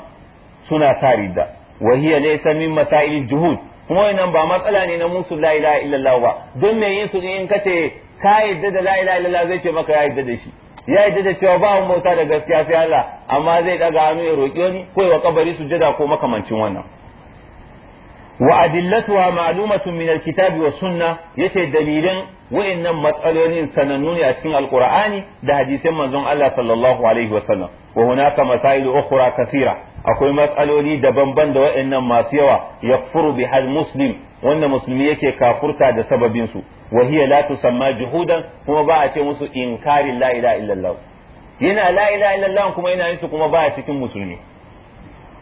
S1: suna sa ridda wa hiya laysa min masail juhud kuma wannan ba matsala ne na musu la ilaha illallah ba don me yin su in kace ka yadda da la ilaha illallah zai ce maka ya yadda da shi ya yadda da cewa ba mu bauta da gaskiya sai Allah amma zai daga hannu ya roki wani ko wa kabari sujada ko makamancin wannan wa adillatuha ma'lumatun min alkitabi wa sunna yace dalilan wa'annan matsalolin sanannu ne a cikin alqur'ani da hadisin manzon Allah sallallahu alaihi wasallam wa hunaka masailu ukhra kathira akwai matsaloli daban-ban da wa'annan masu yawa yakfuru bi hal muslim wanda musulmi yake kafurta da sababin su wa hiya la tusamma juhudan kuma ba a ce musu inkarin la ilaha illallah yana la ilaha illallah kuma yana yin su kuma ba a cikin musulmi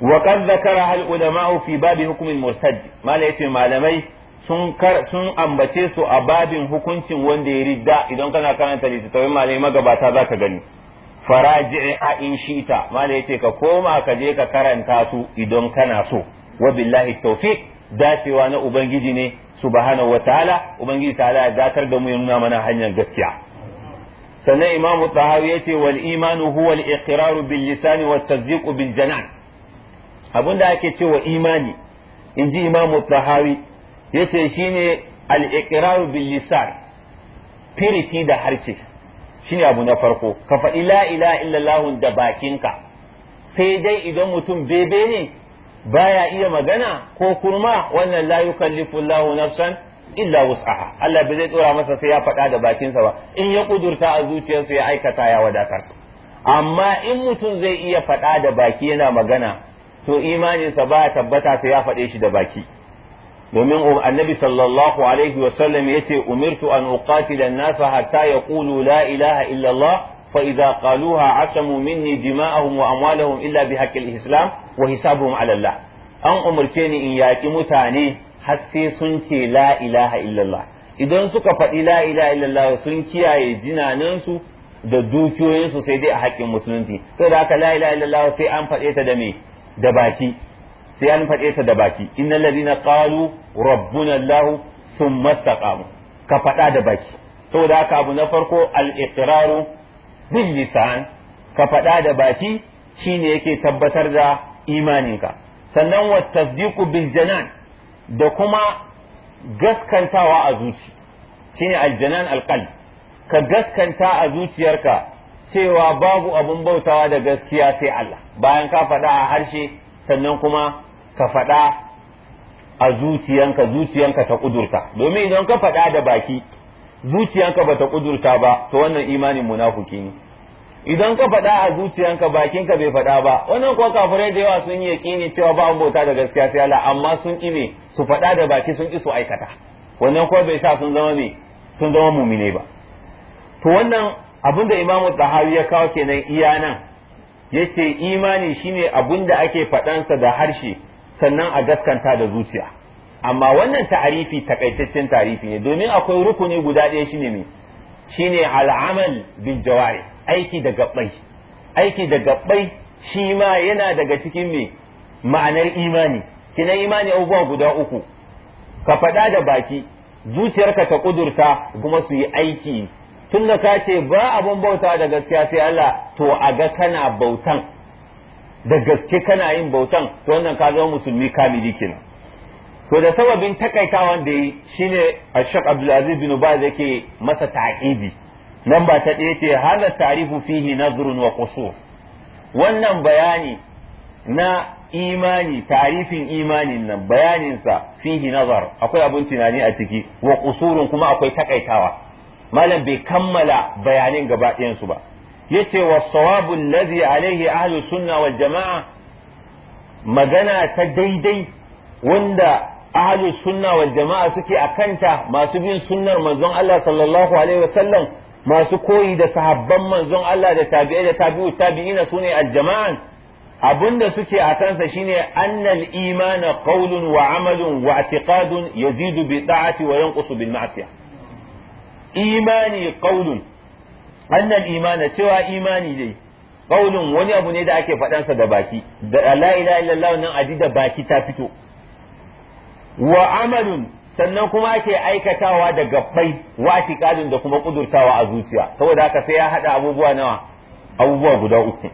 S1: wa qad zakara har ulama fi babi hukm al murtad mala yace malamai sun sun ambace su a babin hukuncin wanda ya ridda idan kana karanta littattafai malamai magabata zaka gani a in shita mala yace ka koma ka je ka karanta su idan kana so wa billahi tawfiq dacewa na ubangiji ne subhanahu ta'ala ubangiji ta'ala ya zatar da mu ya nuna mana hanyar gaskiya sannan Imam tahawi yace wal imanu huwa al iqrar bil lisan wa tasdiq bil janan abinda ake cewa imani inji Imam tahawi yace shine al iqrar bil lisan firiti da harce shine abu na farko ka faɗi la ilaha illallah da bakinka sai dai idan mutum bebe ne baya iya magana ko kurma wannan la yukallifu Allahu nafsan illa wus'aha Allah bai zai tsora masa sai ya faɗa da bakinsa ba in ya kudurta a zuciyarsa ya aikata ya wadatar amma in mutum zai iya faɗa da baki yana magana to imaninsa ba tabbata sai ya faɗe shi da baki domin um, annabi sallallahu alaihi wasallam ya ce umirtu an uqatila nasa hatta yaqulu la ilaha illallah fa idza qaluha asamu minni dima'ahum wa amwalahum illa bi haqqil islam wa hisabuhum ala Allah an umarce ni in yaki mutane har sai sun ce la ilaha illallah idan suka faɗi la ilaha illallah sun kiyaye jinanansu da dukiyoyinsu sai dai a haƙƙin musulunci sai da haka la ilaha illallah sai an faɗe ta da me da baki sai an faɗe ta da baki inna ladina qalu rabbuna allah thumma istaqamu ka faɗa da baki saboda haka abu na farko al-iqraru bil lisan ka faɗa da baki shine yake tabbatar da imaninka sannan wa tasdiqu bil janan da kuma gaskantawa a zuci shine aljanan alqalb ka gaskanta a zuciyarka cewa babu abun bautawa da gaskiya sai Allah bayan ka faɗa a harshe sannan kuma ka faɗa a zuciyanka zuciyanka ta kudurta domin idan ka faɗa da baki zuciyanka ba ta kudurta ba to wannan imanin munafuki ne idan ka faɗa a zuciyanka bakinka bai faɗa ba wannan kuwa kafirai da yawa sun yi yaƙini cewa ba an bauta da gaskiya sai Allah amma sun ƙi me su faɗa da baki sun ƙi su aikata wannan kuwa bai sa sun zama me sun zama mumine ba to wannan abin da Imam Tahawi ya kawo kenan iya nan yace imani shine abun da ake faɗansa da harshe sannan a gaskanta da zuciya amma wannan ta'arifi takaitaccen ta'arifi ne domin akwai rukuni guda ɗaya shine ne shine al'amal bil jawari aiki da gabbai aiki da gabbai shi ma yana daga cikin me ma'anar imani na imani abubuwa guda uku ka faɗa da baki zuciyarka ta kudurta kuma su yi aiki tun da ka ce ba abun bauta da gaskiya sai Allah to a ga kana bautan da gaske kana yin bautan to wannan ka zama musulmi kamili kenan to da sababin takaitawa da yi shine Ashaq Abdulaziz bin Baz yake masa ta'idi nan ba ta ɗaya ce hada tarifu fihi nazrun wa qusur wannan bayani na imani tarifin imanin nan bayaninsa fihi nazar akwai abin tunani a ciki wa qusurun kuma akwai takaitawa malam bai kammala bayanin gaba ɗayansu ba yace was sawabun alladhi alaihi ahlu sunna wal jama'a magana ta daidai wanda ahlu sunna wal jama'a suke akanta masu bin sunnar manzon Allah sallallahu alaihi wasallam masu koyi da sahabban manzon Allah da tabi'ai da tabi'u tabi'ina sune al-jama'an abinda suke a kansa shine annal imana qawlun wa amalun wa i'tiqadun yazidu bi da'ati wa yanqusu bil ma'siyah imani qawlun annal imani cewa imani ne. qaulun wani abu ne da ake faɗansa da baki da la ilaha illallah nan aji da baki ta fito wa amalun sannan kuma ake aikatawa da gabbai wa atiqadun da kuma kudurtawa a zuciya saboda haka sai ya haɗa abubuwa nawa abubuwa guda uku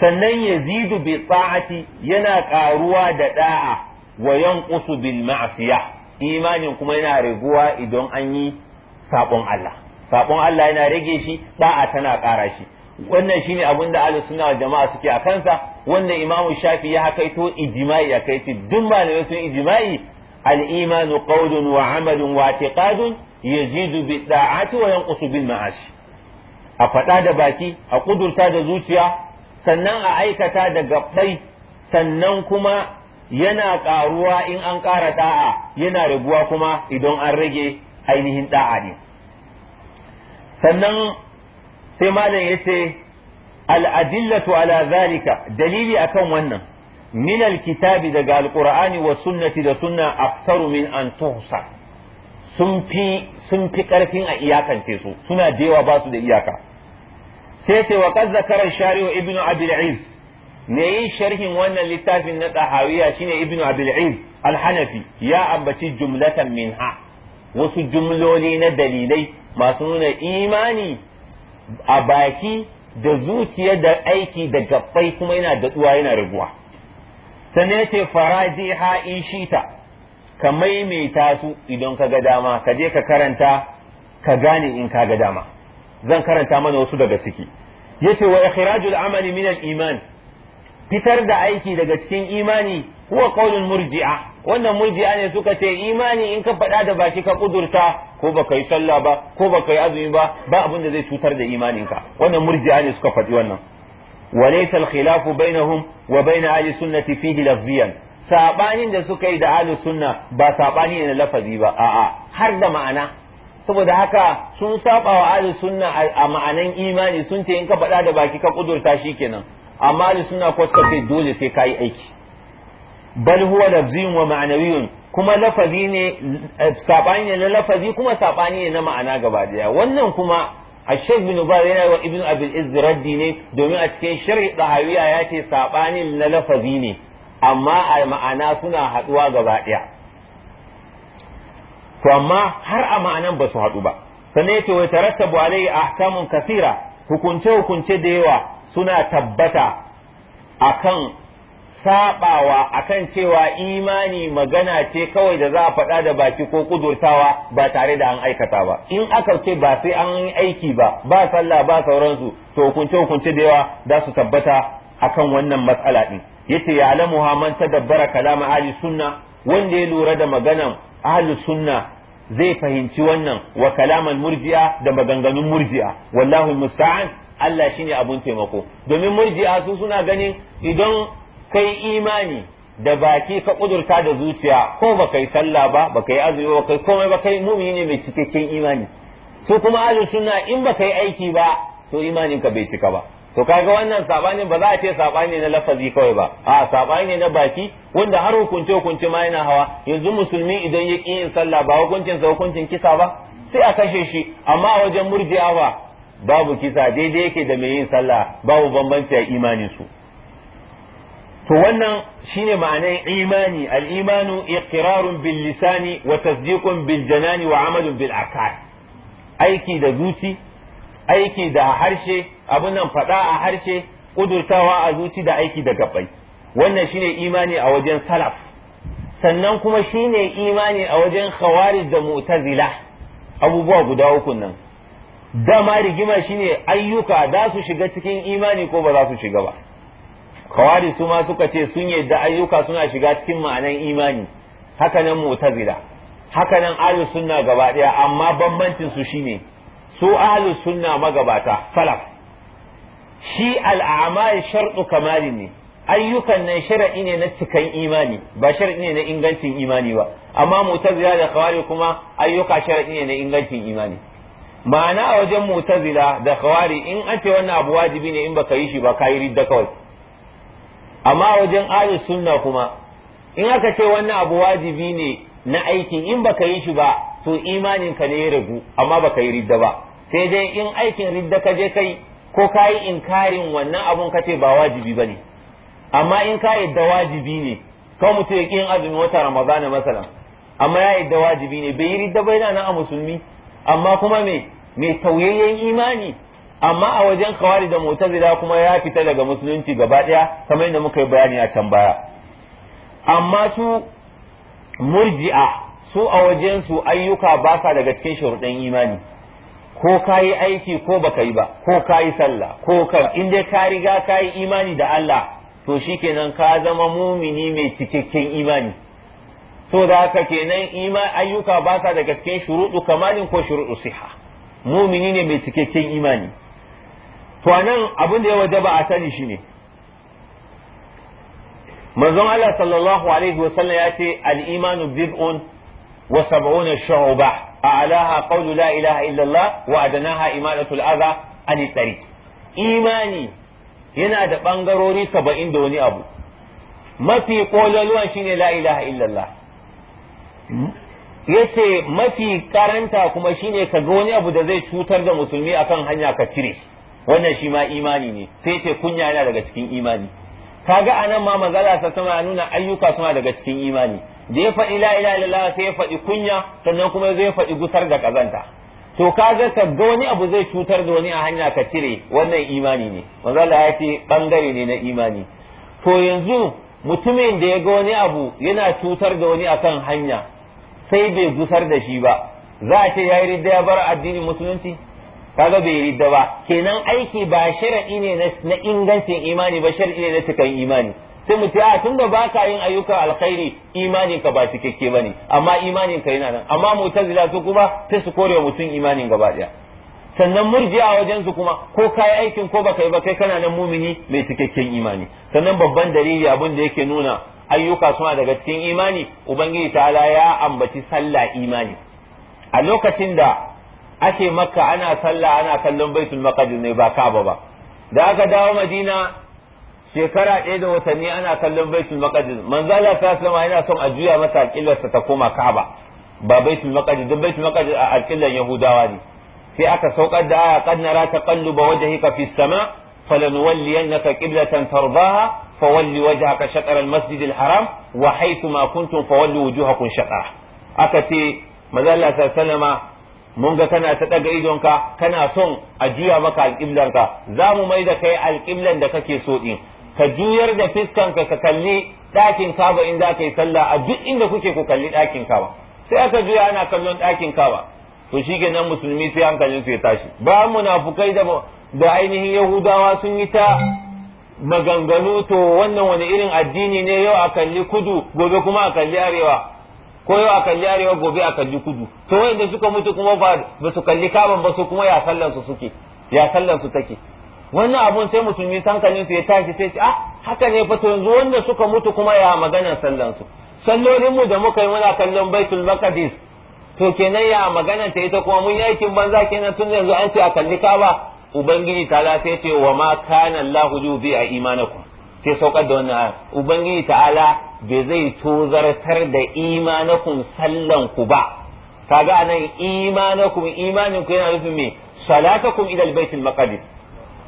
S1: sannan yazidu bi ta'ati yana ƙaruwa da da'a wa yanqusu bil ma'siyah imanin kuma yana raguwa idan an yi saƙon Allah sabon Allah yana rage shi da'a tana ƙara shi wannan shine abin da ahlus sunna wal jama'a suke a kansa wannan imamu shafi ya to ijma'i ya kai duk malamai sun ijma'i al-iman qawlun wa amalun wa i'tiqadun yazidu bi da'ati wa yanqusu bil ma'ash a faɗa da baki a kudurta da zuciya sannan a aikata da gabbai sannan kuma yana ƙaruwa in an ƙara da'a yana raguwa kuma idan an rage ainihin da'a ne sannan sai malam ce, al-adillatu ala zalika dalili akan wannan min alkitabi kitabi daga Alƙur'ani wa sunnati da sunna aktaru min an tuhsa sun fi ƙarfin a iyakance su suna da yawa ba su da iyaka sai ce wa qad zakara Shari'a ibnu abdul aziz yin sharhin wannan littafin na tsahawiya shine ibnu abdul aziz al-hanafi ya ambaci jumlatan minha wasu jumloli na dalilai masu nuna imani a baki da zuciya da aiki da gabbai kuma yana da daɗuwa yana raguwa sannan ya ce faraji ha ishita ka maimaita su idan ka ga dama ka je ka karanta ka gane in ka ga dama zan karanta mana wasu daga ciki yace wa ikhrajul amali min al iman fitar da aiki daga cikin imani huwa qaulul murji'a wannan murji'a ne suka ce imani in ka faɗa da baki ka kudurta ko baka yi sallah ba ko baka yi azumi ba ba abin da zai cutar da imaninka wannan murji'a ne suka faɗi wannan walaysa al-khilafu bainahum wa bain ahli sunnati fihi lafziyan sabanin da suka yi da ahli sunna ba sabani ne na lafazi ba a'a har da ma'ana saboda haka sun saba wa ahli sunna a ma'anan imani sun ce in ka faɗa da baki ka kudurta shikenan amma suna sunna ko dole sai kayi aiki bal huwa lafzin wa ma'anawiyun kuma lafazi ne sabani ne na lafazi kuma sabani ne na ma'ana gaba daya wannan kuma ashek bin bar yana wa ibn abil izz raddi ne domin a cikin sharhi dahawiya ya ce sabani na lafazi ne amma a ma'ana suna haduwa gaba daya to amma har a ma'anan ba su haɗu ba sannan yace wai tarattabu alai ahkamun kasira hukunce hukunce da yawa suna tabbata akan sabawa akan cewa imani magana ce kawai da za a faɗa da baki ko kudurtawa ba tare da an aikata ba in aka ce ba sai an yi aiki ba ba sallah ba sauransu to hukunce hukunce da yawa za su tabbata akan wannan matsala din yace ya alamu ta dabbara kalama ahli sunna wanda ya lura da maganan ahli sunna zai fahimci wannan wa kalaman murji'a da maganganun murji'a wallahu musta'an Allah shi ne abun taimako domin murji'a su suna ganin idan kai imani da baki ka kudurta da zuciya ko baka yi sallah ba baka yi azumi ba kai komai ba kai mumini ne mai cikakken imani su kuma ahlus sunna in baka yi aiki ba to imanin ka bai cika ba to ga wannan sabanin ba za a ce sabani na lafazi kawai ba a sabani ne na baki wanda har hukunce hukunce ma yana hawa yanzu musulmi idan ya yin sallah ba hukuncin sa hukuncin kisa ba sai a kashe shi amma a wajen murji'a ba babu kisa daidai yake da mai yin sallah babu bambanci a imanin su to wannan shine ma'anar imani al-imanu iqrarun bil lisani wa tasdiqun bil janani wa amalun bil aqal aiki da zuci aiki da harshe abun nan faɗa a harshe kudurtawa a zuci da aiki da gabai wannan shine imani a wajen salaf sannan kuma shine imani a wajen khawarij da mu'tazila abubuwa guda uku nan dama rigima shine ayyuka za su shiga cikin imani ko ba za su shiga ba kawari su ma suka ce sun yadda ayyuka suna shiga cikin ma'anan imani haka nan mu'tazila haka nan ahli sunna gaba daya amma bambancin su shine su ahli sunna magabata salaf shi al'amal shartu kamali ne ayyukan nan shar'i ne na cikan imani ba shar'i ne na ingancin imani ba amma mu'tazila da kawari kuma ayyuka shar'i ne na ingancin imani ma'ana a wajen mutazila da khawari in an ce wannan abu wajibi ne in baka yi shi ba ka yi ridda kawai amma a wajen ahlus sunna kuma in aka ce wannan abu wajibi ne na aiki in baka yi shi ba to imanin ka ne ya ragu amma baka yi ridda ba sai dai in aikin ridda ka je kai ko ka yi inkarin wannan abun ka ce ba wajibi ba ne amma in ka yi da wajibi ne kawai mutum ya ƙi yin azumin wata ramadana masalan amma ya yi da wajibi ne bai yi ridda ba yana na a musulmi amma kuma me me tauyayyen imani amma a wajen kawari da mu'tazila kuma ya fita daga musulunci gaba daya kamar yadda muka yi bayani a can baya amma su murji'a su a wajen su ayyuka ba sa daga cikin sharuɗan imani ko ka aiki ko baka yi ba ko ka sallah ko ka in dai ka riga ka imani da Allah to shikenan ka zama mumini mai cikakken imani so da haka kenan iman ayyuka ba sa daga cikin shuruɗu kamalin ko shuruɗu siha mumini ne mai cikakken imani to nan abin da ya wajaba a sani shi ne. manzon Allah sallallahu alaihi wa sallam ya ce al-imanu bid'un wa sab'una shu'ba a'laha qawlu la ilaha illallah wa adanaha imanatul adha an tariq imani yana da bangarori saba'in da wani abu mafi kolaluwan shine la ilaha illallah yace mafi karanta kuma shine ka ga wani abu da zai cutar da musulmi akan hanya ka cire wannan shi ma imani ne sai ce kunya yana daga cikin imani kaga anan ma manzala sa sama nuna ayyuka suna daga cikin imani da ya faɗi la ilaha illallah sai ya faɗi kunya sannan kuma zai faɗi gusar da kazanta to kaga ka ga wani abu zai cutar da wani a hanya ka cire wannan imani ne manzala ya ce bangare ne na imani to yanzu mutumin da ya ga wani abu yana cutar da wani akan hanya sai bai gusar da shi ba za a ce ya yi ridda ya bar addinin musulunci kaga bai ridda ba kenan aiki ba shar'i ne na ingancin imani ba shar'i ne na cikan imani sai mu ta tun da ba ka yin ayyukan alkhairi imanin ka ba cikakke bane amma imanin ka yana nan amma mu'tazila su kuma sai su korewa mutum imanin gaba daya sannan murji'a wajen su kuma ko kai aikin ko baka yi ba kai kana nan mumini mai cikakken imani sannan babban dalili abin da yake nuna ayyuka suna daga cikin imani ubangiji ta'ala ya ambaci sallah imani a lokacin da ake makka ana sallah ana kallon baitul maqdis ne ba kaba ba da aka dawo madina shekara ɗaya da watanni ana kallon baitul maqdis manzo Allah sallallahu yana son a juya masa alƙillarsa ta koma kaba ba baitul maqdis don baitul maqdis a alƙillar yahudawa ne sai aka saukar da aya qad nara taqalluba wajhika fis sama' falanuwalliyannaka qiblatan tardaha fawalli waje haka shakaran masjid al-haram wa haythuma fawalli fawallu wujuhakum shatra aka ce manzo Allah sallama mun ga kana ta daga idonka kana son a juya maka alƙiblanka za mu mai da kai alƙiblan da kake so ɗin. ka juyar da fiskanka ka kalli ɗakin kaba in za ka yi sallah a duk inda kuke ku kalli ɗakin kaba sai aka juya ana kallon ɗakin kaba to shi nan musulmi sai hankalin su ya tashi ba munafukai da ainihin yahudawa sun yi ta maganganu to wannan wani irin addini ne yau a kalli kudu gobe kuma a kalli arewa ko yau a kalli arewa gobe a kalli kudu to wanda suka mutu kuma ba su kalli kaban ba su kuma ya sallan su suke ya sallan su take wannan abun sai ya hankalin su ya tashi sai ce ah haka ne fa to yanzu wanda suka mutu kuma ya maganar sallan su sallolin mu da muka yi muna kallon baitul maqdis to kenan ya maganar ta ita kuma mun yakin banza kenan tun yanzu an ce a kalli kaba ubangiji ta'ala sai ce wa ma kana hu bi a imanakum sai saukar da wannan ubangiji ta'ala bai zai tozartar da imanakum sallan ku ba kaga anan imanakum imanin ku yana nufin me salatakum ila baitul maqdis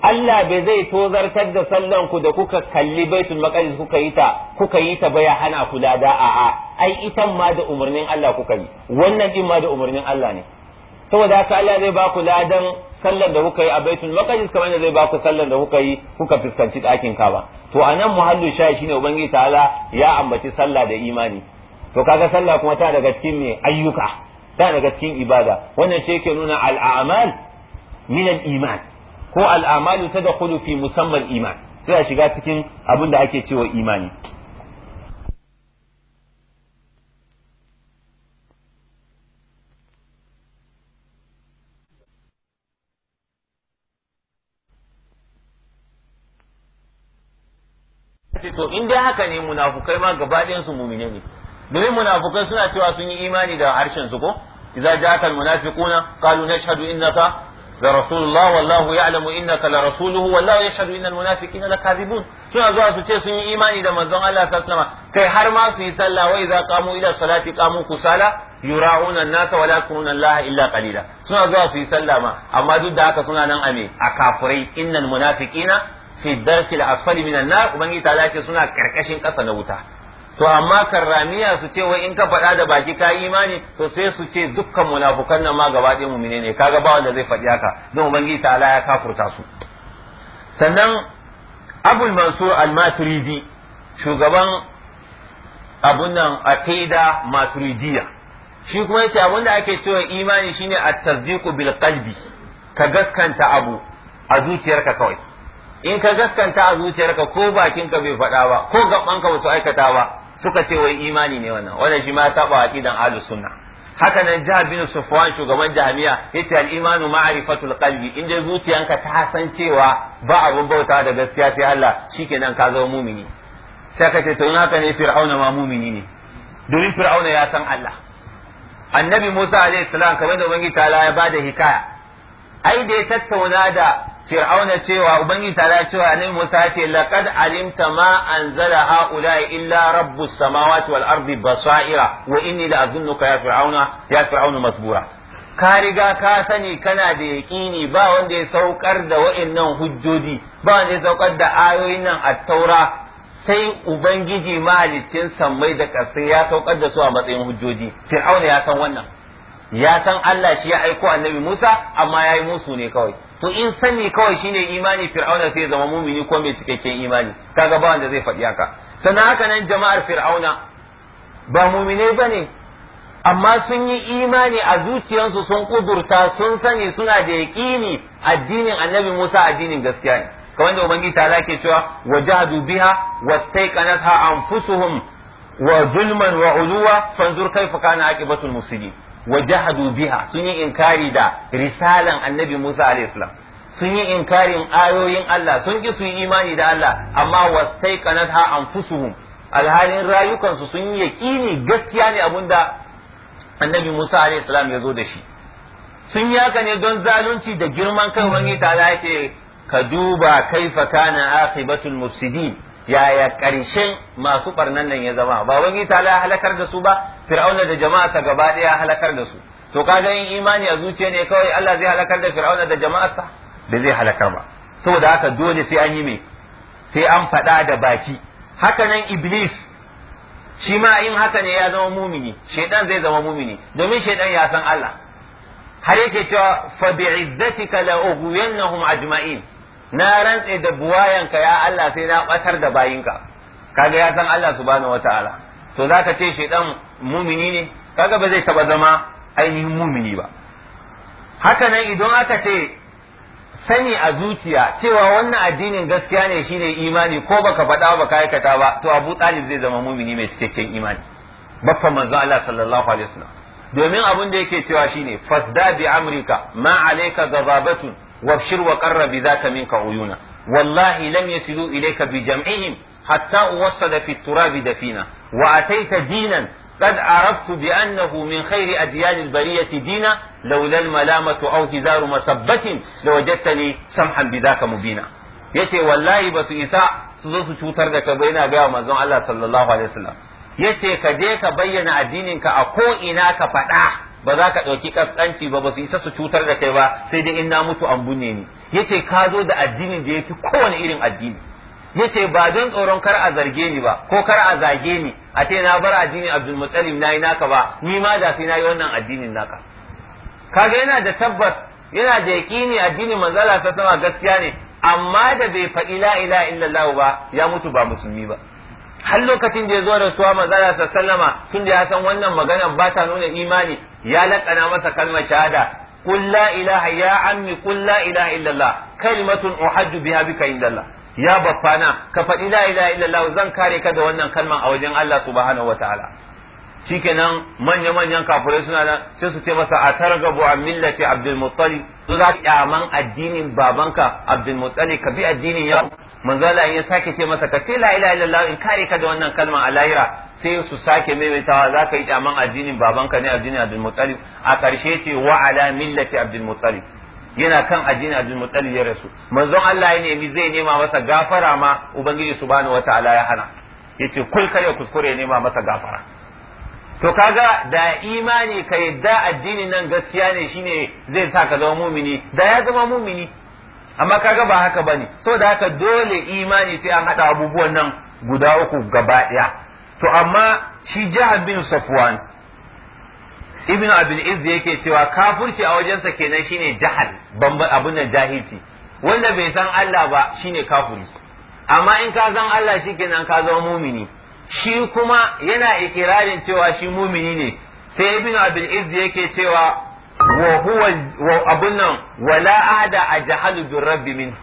S1: Allah bai zai tozartar da sallan ku da kuka kalli baitul maqdis kuka yi ta kuka yi ta baya hana ku lada a'a ai itan ma da umarnin Allah kuka yi wannan din ma da umarnin Allah ne saboda haka Allah zai ba ku ladan sallar da kuka yi a baitul maqdis kamar da zai ba ku sallar da kuka yi kuka fuskanci ɗakin kaba to anan muhallu shayi shine ubangiji ta'ala ya ambaci sallah da imani to kaga sallah kuma ta daga cikin me ayyuka ta daga cikin ibada wannan shi yake nuna al'amal min al-iman ko al'amalu tadkhulu fi musamman iman sai shiga cikin abin da ake cewa imani ce to in dai haka ne munafukai ma gaba ɗayan su mumine ne domin munafukai suna cewa sun yi imani da harshen su ko idza ja'aka almunafiquna qalu nashhadu innaka la rasulullah wallahu ya'lamu innaka la rasuluhu wallahu yashhadu innal munafiqina lakazibun suna zuwa su ce sun yi imani da manzon Allah sallallahu kai har ma su yi sallah wai idza qamu ila salati qamu kusala yura'una an-nasa wala la yakuna Allah illa qalila suna zuwa su yi sallah ma amma duk da haka suna nan a me a kafirai innal munafiqina fi darsil asfali minan nar ubangiji ta ce suna karkashin ƙasa na wuta to amma karramiya su ce wai in ka faɗa da baki ka imani to sai su ce dukkan munafukan nan ma gaba ɗaya mumine ne kaga ba wanda zai faɗi haka don ubangiji ta ya kafurta su sannan abul mansur al-maturidi shugaban abun nan aqida maturidiya shi kuma yace abun da ake cewa imani shine at-tasdiqu bil qalbi ka gaskanta abu a zuciyarka kawai in ka gaskanta a zuciyarka ko bakinka bai faɗa ba ko gabanka ba su aikata ba suka ce wai imani ne wannan wannan shi ma ya saba aqidan ahlus sunna haka nan Jihar bin Sufwan shugaban jami'a yace al imanu ma'rifatul qalbi in dai zuciyanka ta san cewa ba abun bauta da gaskiya sai Allah shikenan ka zama mumini sai ka ce to in haka ne fir'auna ma mumini ne domin fir'auna ya san Allah annabi Musa alaihi salam kamar da ubangiji ta ya bada hikaya ai da ya tattauna da fir'auna cewa ubangi ta cewa annabi Musa ce laqad alimta ma anzala haula illa rabbus samawati wal ardi basaira wa inni la azunuka ya fir'auna ya fir'auna masbura ka riga ka sani kana da yaƙini ba wanda ya saukar da wa'annan hujjoji ba wanda ya saukar da ayoyin nan a taura sai ubangiji mahaliccin sammai da ƙasai ya saukar da su a matsayin hujjoji fir'auna ya san wannan ya san Allah shi ya aiko annabi Musa amma ya yi musu ne kawai to in sani kawai shine imani fir'auna sai zama mumini ko mai cikakken imani kaga ba wanda zai faɗi haka sannan haka nan jama'ar fir'auna ba mumine bane amma sun yi imani a zuciyarsu sun kudurta sun sani suna da yaƙini addinin annabi Musa addinin gaskiya ne kamar da ubangiji ta ke cewa wajahadu biha wastaqanatha anfusuhum wa zulman wa uluwa fanzur kaifa kana aqibatul muslimin wa jahadu biha sun yi inkari da risalan annabi Musa alaihi salam sun yi inkarin ayoyin Allah sun ki su yi imani da Allah amma wastaiqanatha anfusuhum alhalin rayukansu sun yi yaƙini gaskiya ne abunda annabi Musa alaihi salam ya zo da shi sun yaka ne don zalunci da girman kai wani ta yake ka duba kaifa kana aqibatul mufsidin yaya ƙarshen masu ɓarnan nan ya zama ba wani ta ya halakar da su ba fir'auna da jama'a ta gaba ɗaya halakar da su to kaga yin imani a zuciya ne kawai Allah zai halakar da fir'auna da jama'arsa da zai halakar ba saboda haka dole sai an yi me sai an faɗa da baki haka nan iblis shi ma in haka ne ya zama mumini shedan zai zama mumini domin shedan ya san Allah har yake cewa fa bi'izzatika la ughwiyannahum ajma'in na rantse da buwayanka ya Allah sai na batar da bayinka kaga ya san Allah subhanahu wataala to zaka ce shi shedan mumini ne kaga ba zai taba zama ainihin mumini ba haka nan idan aka ce sani a zuciya cewa wannan addinin gaskiya ne shine imani ko baka faɗa ba ka aikata ba to Abu Talib zai zama mumini mai cikakken imani baffan manzo Allah sallallahu alaihi wasallam domin abin da yake cewa shine fasda bi amrika ma alayka ghadabatun wabshir wa za ka min ka uyuna wallahi lam yasilu ka bi jam'ihim hatta uwassada fi turabi dafina wa ataita dinan bi annahu min قد عرفت بأنه من خير أديان البرية دينا لولا الملامة أو هزار مسبة لوجدتني سمحا mu bina. yace wallahi ba su isa su zo su cutar da ka ba yana gaya manzon Allah sallallahu alaihi yace ka je ka bayyana addinin ka a ko ina ka faɗa ba za ka ɗauki kaskanci ba ba su isa su cutar da kai ba sai dai in na mutu an bunne ni yace ka zo da addinin da ya fi kowane irin addini yace ba don tsoron kar a zarge ni ba ko kar a zage ni a ce na bar addinin Abdul Muttalib nayi naka ba ni ma da sai yi wannan addinin naka kaga yana da tabbas yana da yaqini addinin manzo ta sama gaskiya ne amma da bai faɗi la ilaha illallah ba ya mutu ba musulmi ba har lokacin da ya zo rasuwa manzala sallama tun da ya san wannan maganar ba ta nuna imani ya laƙana masa kalmar shahada qul la ilaha ya ammi qul la ilaha illallah kalimatun uhajju biha bika indallah ya baffana ka faɗi la ilaha illallah zan kare ka da wannan kalman a wajen Allah subhanahu wataala shikenan manya-manyan kafirai suna nan sai su ce masa a targabu a millati abdulmuttali su za ka kyaman addinin babanka abdulmuttali ka bi addinin ya manzo Allah ya sake ce masa ka ce la ilaha illallah in kare ka da wannan kalma a lahira sai su sake maimaitawa za ka yi kyaman addinin babanka ne addinin a karshe ce wa ala millati abdulmuttali yana kan addinin abdulmuttali ya rasu manzon Allah ya nemi zai nema masa gafara ma ubangiji subhanahu wataala ya hana yace kul kare kuskure nema masa gafara to kaga da imani ka yadda addini nan gaskiya ne shine zai sa ka zama mumini da ya zama mumini amma kaga ba haka bane saboda haka dole imani sai an hada abubuwan nan guda uku gaba daya to amma shi jihar bin safwan ibn abin iz yake cewa kafirci a wajensa kenan shine jahal bamban abun nan jahilci wanda bai san Allah ba shine kafiri amma in ka san Allah shikenan ka zama mumini shi kuma yana ikirarin cewa shi mumini ne sai ibn abul iz yake cewa wa huwa abun nan wala ada ajhalu bi rabbi min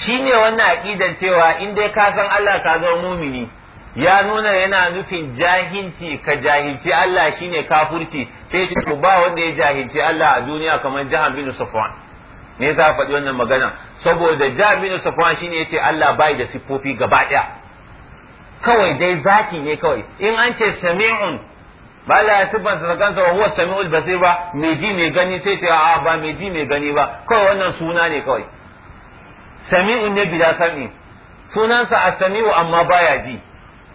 S1: Shi ne wannan aqidan cewa in dai ka san Allah ka zama mumini ya nuna yana nufin jahilci ka jahilci Allah shine kafurci sai shi ba wanda ya jahilci Allah a duniya kamar Jahan bin Safwan me yasa faɗi wannan magana saboda Jahan bin Safwan shine yace Allah bai da siffofi gaba ɗaya kawai dai zaki ne kawai in an ce sami'un ba Allah ya sifanta da kansa wa huwa sami'ul basir ba mai ji mai gani sai ce a ba mai ji mai gani ba kawai wannan suna ne kawai sami'un ne bila sami sunansa as-sami'u amma baya ji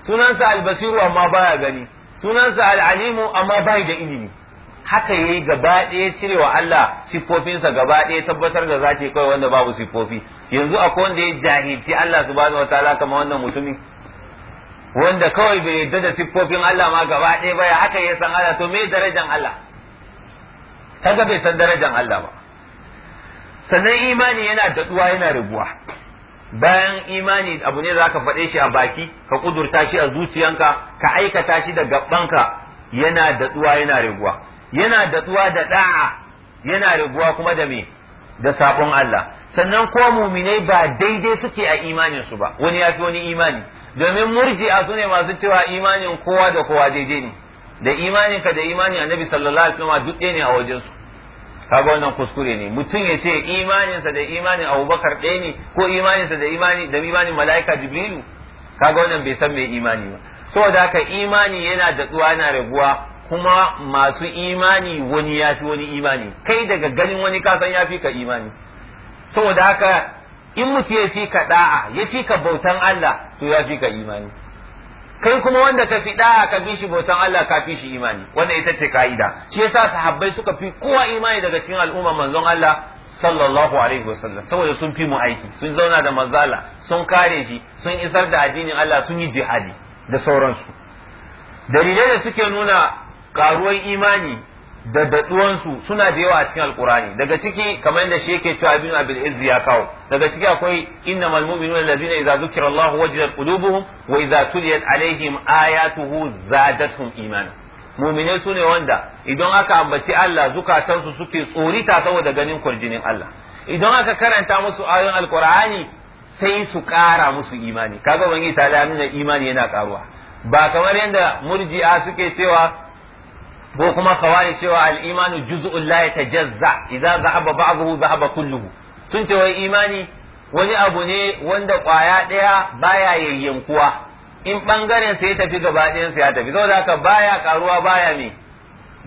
S1: sunansa al-basiru amma baya gani sunansa al-alimu amma bai da ilimi haka yayi gaba ɗaya cire wa Allah siffofinsa gaba ɗaya tabbatar da zaki kawai wanda babu siffofi yanzu akwai wanda ya jahilci Allah subhanahu wataala kamar wannan mutumin wanda kawai bai yadda da siffofin Allah ma gaba ɗaya ba ya haka ya san Allah to me darajan Allah kaga bai san darajan Allah ba sannan imani yana daɗuwa yana rubuwa bayan imani abu ne zaka faɗe shi a baki ka kudurta shi a zuciyanka ka aikata shi da gabanka yana daɗuwa yana rubuwa yana daɗuwa da da'a yana rubuwa kuma da me da sabon Allah sannan ko muminai ba daidai suke a imanin su ba wani ya fi wani imani domin murji'a su ne masu cewa imanin kowa da kowa daidai ne da imanin ka da imanin annabi sallallahu alaihi wasallam duk ɗaya ne a wajen su kaga wannan kuskure ne mutum ya ce imaninsa da imanin abubakar ɗaya ne ko imaninsa da imani da imanin mala'ika jibrilu kaga wannan bai san mai imani ba saboda haka imani yana tsuwa yana raguwa kuma masu imani wani ya fi wani imani kai daga ganin wani kasan ya fi ka imani saboda haka in mutum ya fi ka da'a ya fi ka bautan Allah to ya fi ka imani kai kuma wanda ka fi da'a ka fi shi bautan Allah ka fi shi imani wanda ita ce ka'ida shi yasa sahabbai suka fi kowa imani daga cikin al'umma manzon Allah sallallahu alaihi wasallam saboda sun fi mu aiki sun zauna da manzala sun kare shi sun isar da addinin Allah sun yi jihadi da sauransu dalilai da suke nuna karuwar imani da datsuwansu suna da yawa a cikin alkurani daga ciki kamar yadda shi yake cewa ibn abil izz ya kawo daga ciki akwai innamal mu'minuna allazina idza zukira allah wajadat qulubuhum wa idza tuliyat alaihim ayatuhu zadatuhum imana mu'minai sune wanda idan aka ambaci Allah zukatansu suke tsorita saboda ganin kurjinin Allah idan aka karanta musu ayoyin alkurani sai su ƙara musu imani kaga bangi ta da nuna imani yana karuwa ba kamar yadda murji'a suke cewa ko kuma kawai cewa al-imanu juz'un la yatajazza idza zahaba ba'dahu zahaba kulluhu tun ce wai imani wani abu ne wanda kwaya daya baya yayyankuwa in bangaren sa ya tafi gaba ɗayan sa ya tafi saboda haka baya karuwa baya me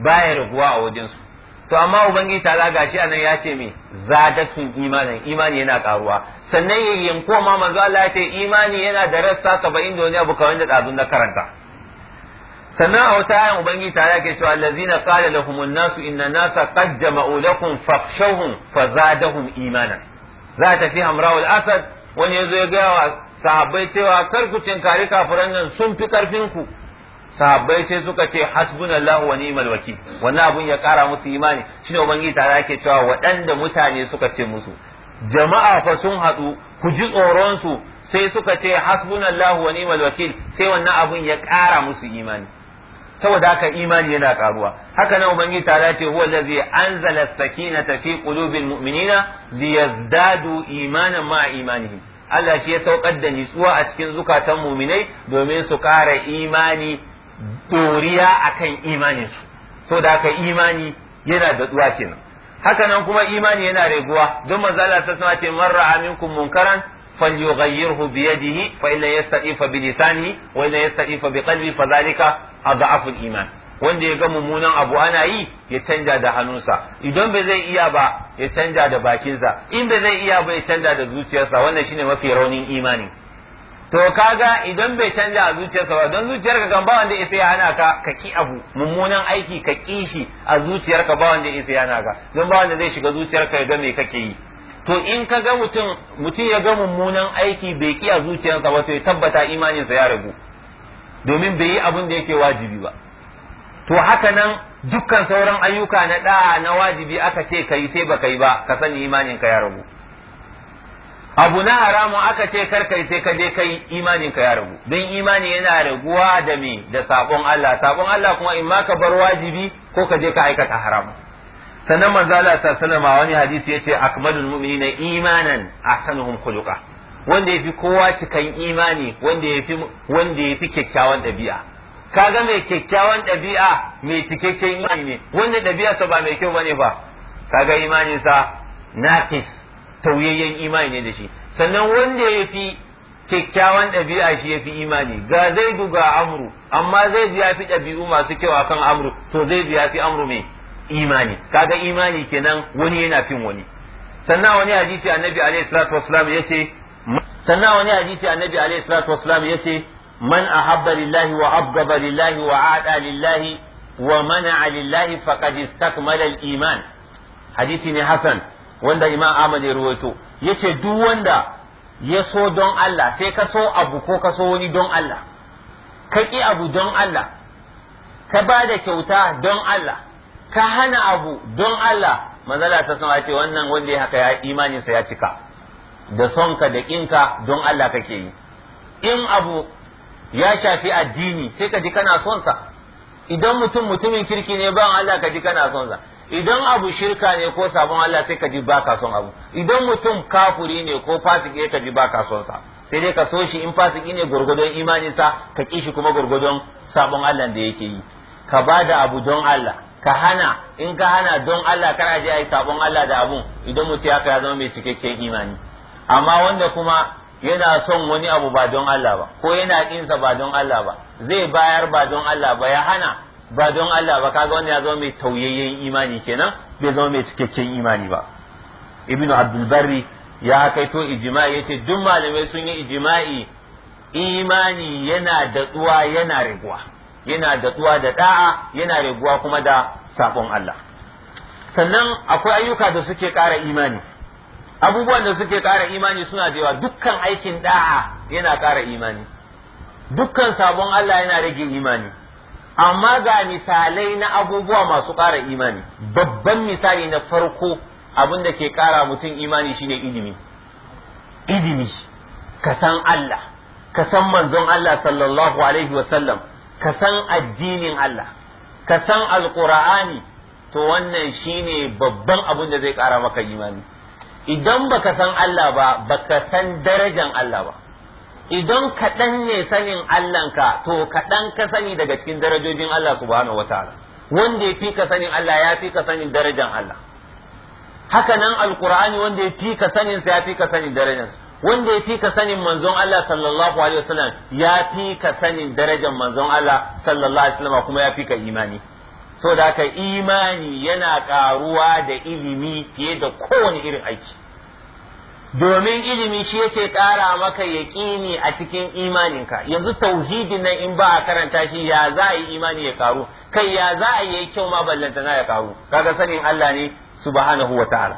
S1: baya raguwa a wajen su to amma ubangiji ta gashi anan ya ce me zadatun imanin imani yana karuwa sannan yayyankuwa ma manzo Allah ya ce imani yana da rassa 70 da wani abu kawai da tsazun na karanta sannan a wata ayan ubangiji ta yake cewa allazina qala lahumun nasu inna nasa qad jama'u lakum fakhshawhum fazadahum imana za ta fi hamrawul asad wani yazo ya ga wa sahabbai cewa kar ku tinkari kafiran nan sun fi karfin ku sahabbai sai suka ce hasbunallahu wa ni'mal wakil wannan abun ya kara musu imani shine ubangiji ta yake cewa waɗanda mutane suka ce musu jama'a fa sun haɗu ku ji tsoron su sai suka ce hasbunallahu wa ni'mal wakil sai wannan abun ya kara musu imani saboda haka imani yana karuwa haka nan ubangiji ta ce huwa allazi anzala na sakinata fi qulubil mu'minina liyazdadu imanan ma imanihim Allah shi ya saukar da nitsuwa a cikin zukatan muminai domin su kara imani doriya akan imaninsu so da haka imani yana da tsuwa kenan haka nan kuma imani yana raguwa don manzo Allah ta ce man ra'a minkum munkaran فليغيره بيده فإن يستئف بلسانه وإن يستئف بقلبه فذلك أضعف الإيمان wanda ya ga mummunan abu ana yi ya canja da hannunsa idan ba zai iya ba ya canja da bakinsa in ba zai iya ba ya canja da zuciyarsa wannan shine mafi raunin imani to kaga idan bai canja a zuciyarsa ba don zuciyarka kan ba wanda isa ya hana ka ka ki abu mummunan aiki ka ki shi a zuciyarka ba wanda isa ya hana ka don ba wanda zai shiga zuciyarka ya ga me kake yi to in ka ga mutum mutum ya ga mummunan aiki bai kiya zuciyarsa ba to ya tabbata imaninsa ya ragu domin bai yi abin da yake wajibi ba to haka nan dukkan sauran ayyuka na da na wajibi aka ce kai sai ba kai ba ka sani imaninka ya ragu abu na haramu aka ce kar kai sai ka je kai imaninka ya ragu don imani yana raguwa da me da sabon Allah sabon Allah kuma in ma ka bar wajibi ko ka je ka aikata haramu sannan manzo Allah sallama wani hadisi yace akmalul mu'minina imanan ahsanuhum khuluqa wanda yafi kowa cikan imani wanda yafi wanda yafi kyakkyawan dabi'a kaga mai kyakkyawan dabi'a mai cikakken imani ne wanda sa ba mai kyau bane ba kaga imaninsa naqis tauyayyen imani ne da shi sannan wanda yafi kyakkyawan ɗabi'a shi ya fi imani ga zai ga amru amma zai ya fi ɗabi'u masu kyau akan amru to zai ya fi amru mai imani kaga imani kenan wani yana fin wani sannan wani hadisi annabi alaihi salatu wassalam yace sannan wani hadisi annabi alaihi salatu wassalam yace man ahabba lillahi wa abghaba lillahi wa aada lillahi wa mana'a lillahi faqad istakmala al-iman hadisi ne hasan wanda imam ahmad ya ruwaito yace duk wanda ya so don Allah sai ka so abu ko ka so wani don Allah ka ki abu don Allah ka ba da kyauta don Allah ka hana abu don Allah manzala ta sama ce wannan wanda ya haka ya imaninsa ya cika da sonka da kinka don Allah kake yi in abu ya shafi addini sai ka ji kana son sa idan mutum mutumin kirki ne ba Allah ka ji kana son sa idan abu shirka ne ko sabon Allah sai ka ji ba ka son abu idan mutum kafuri ne ko fasiki ka ji ba ka son sa sai dai ka so shi in fasiki ne gurgudon imaninsa ka ki shi kuma gurgudon sabon Allah da yake yi ka ba da abu don Allah ka hana in ka hana don Allah kana je ai sabon Allah da abun idan mutum ya zama mai cikakken imani amma wanda kuma yana son wani abu ba don Allah ba ko yana kinsa ba don Allah ba zai bayar ba don Allah ba ya hana ba don Allah ba kaga wanda ya zama mai tauyayyen imani kenan bai zama mai cikakken imani ba ibnu abdul barri ya to ijma'i yace duk malamai sun yi ijma'i imani yana da yana riguwa yana tsuwa da da'a yana raguwa kuma da sabon Allah sannan akwai ayyuka da suke ƙara imani abubuwan da suke ƙara imani suna da yawa dukkan aikin da'a yana ƙara imani dukkan sabon Allah yana rage imani amma ga misalai na abubuwa masu ƙara imani babban misali na farko abin da ke ƙara mutum imani shine ilimi ilimi ka san Allah ka san manzon Allah sallallahu alaihi wasallam ka san addinin Allah ka san alqur'ani to wannan shine babban abin da zai kara maka imani idan baka san Allah ba baka san darajan Allah ba idan kaɗan ne sanin Allahnka to kaɗan ka sani daga cikin darajojin Allah subhanahu wataala wanda ya fi ka sanin Allah ya fi ka sanin darajan Allah haka nan alkur'ani wanda ya fi ka sanin sa ya fi ka sanin darajar wanda ya fi ka sanin manzon Allah sallallahu alaihi wasallam ya fi ka sanin darajar manzon Allah sallallahu alaihi wasallam kuma ya fi ka imani so da ka imani yana karuwa da ilimi fiye da kowane irin aiki domin ilimi shi yake kara maka yaƙini a cikin imaninka yanzu tauhidin nan in ba a karanta shi ya za a yi imani ya karu kai ya za a yi kyau ma na ya karu kaga sanin Allah ne subhanahu wataala ta'ala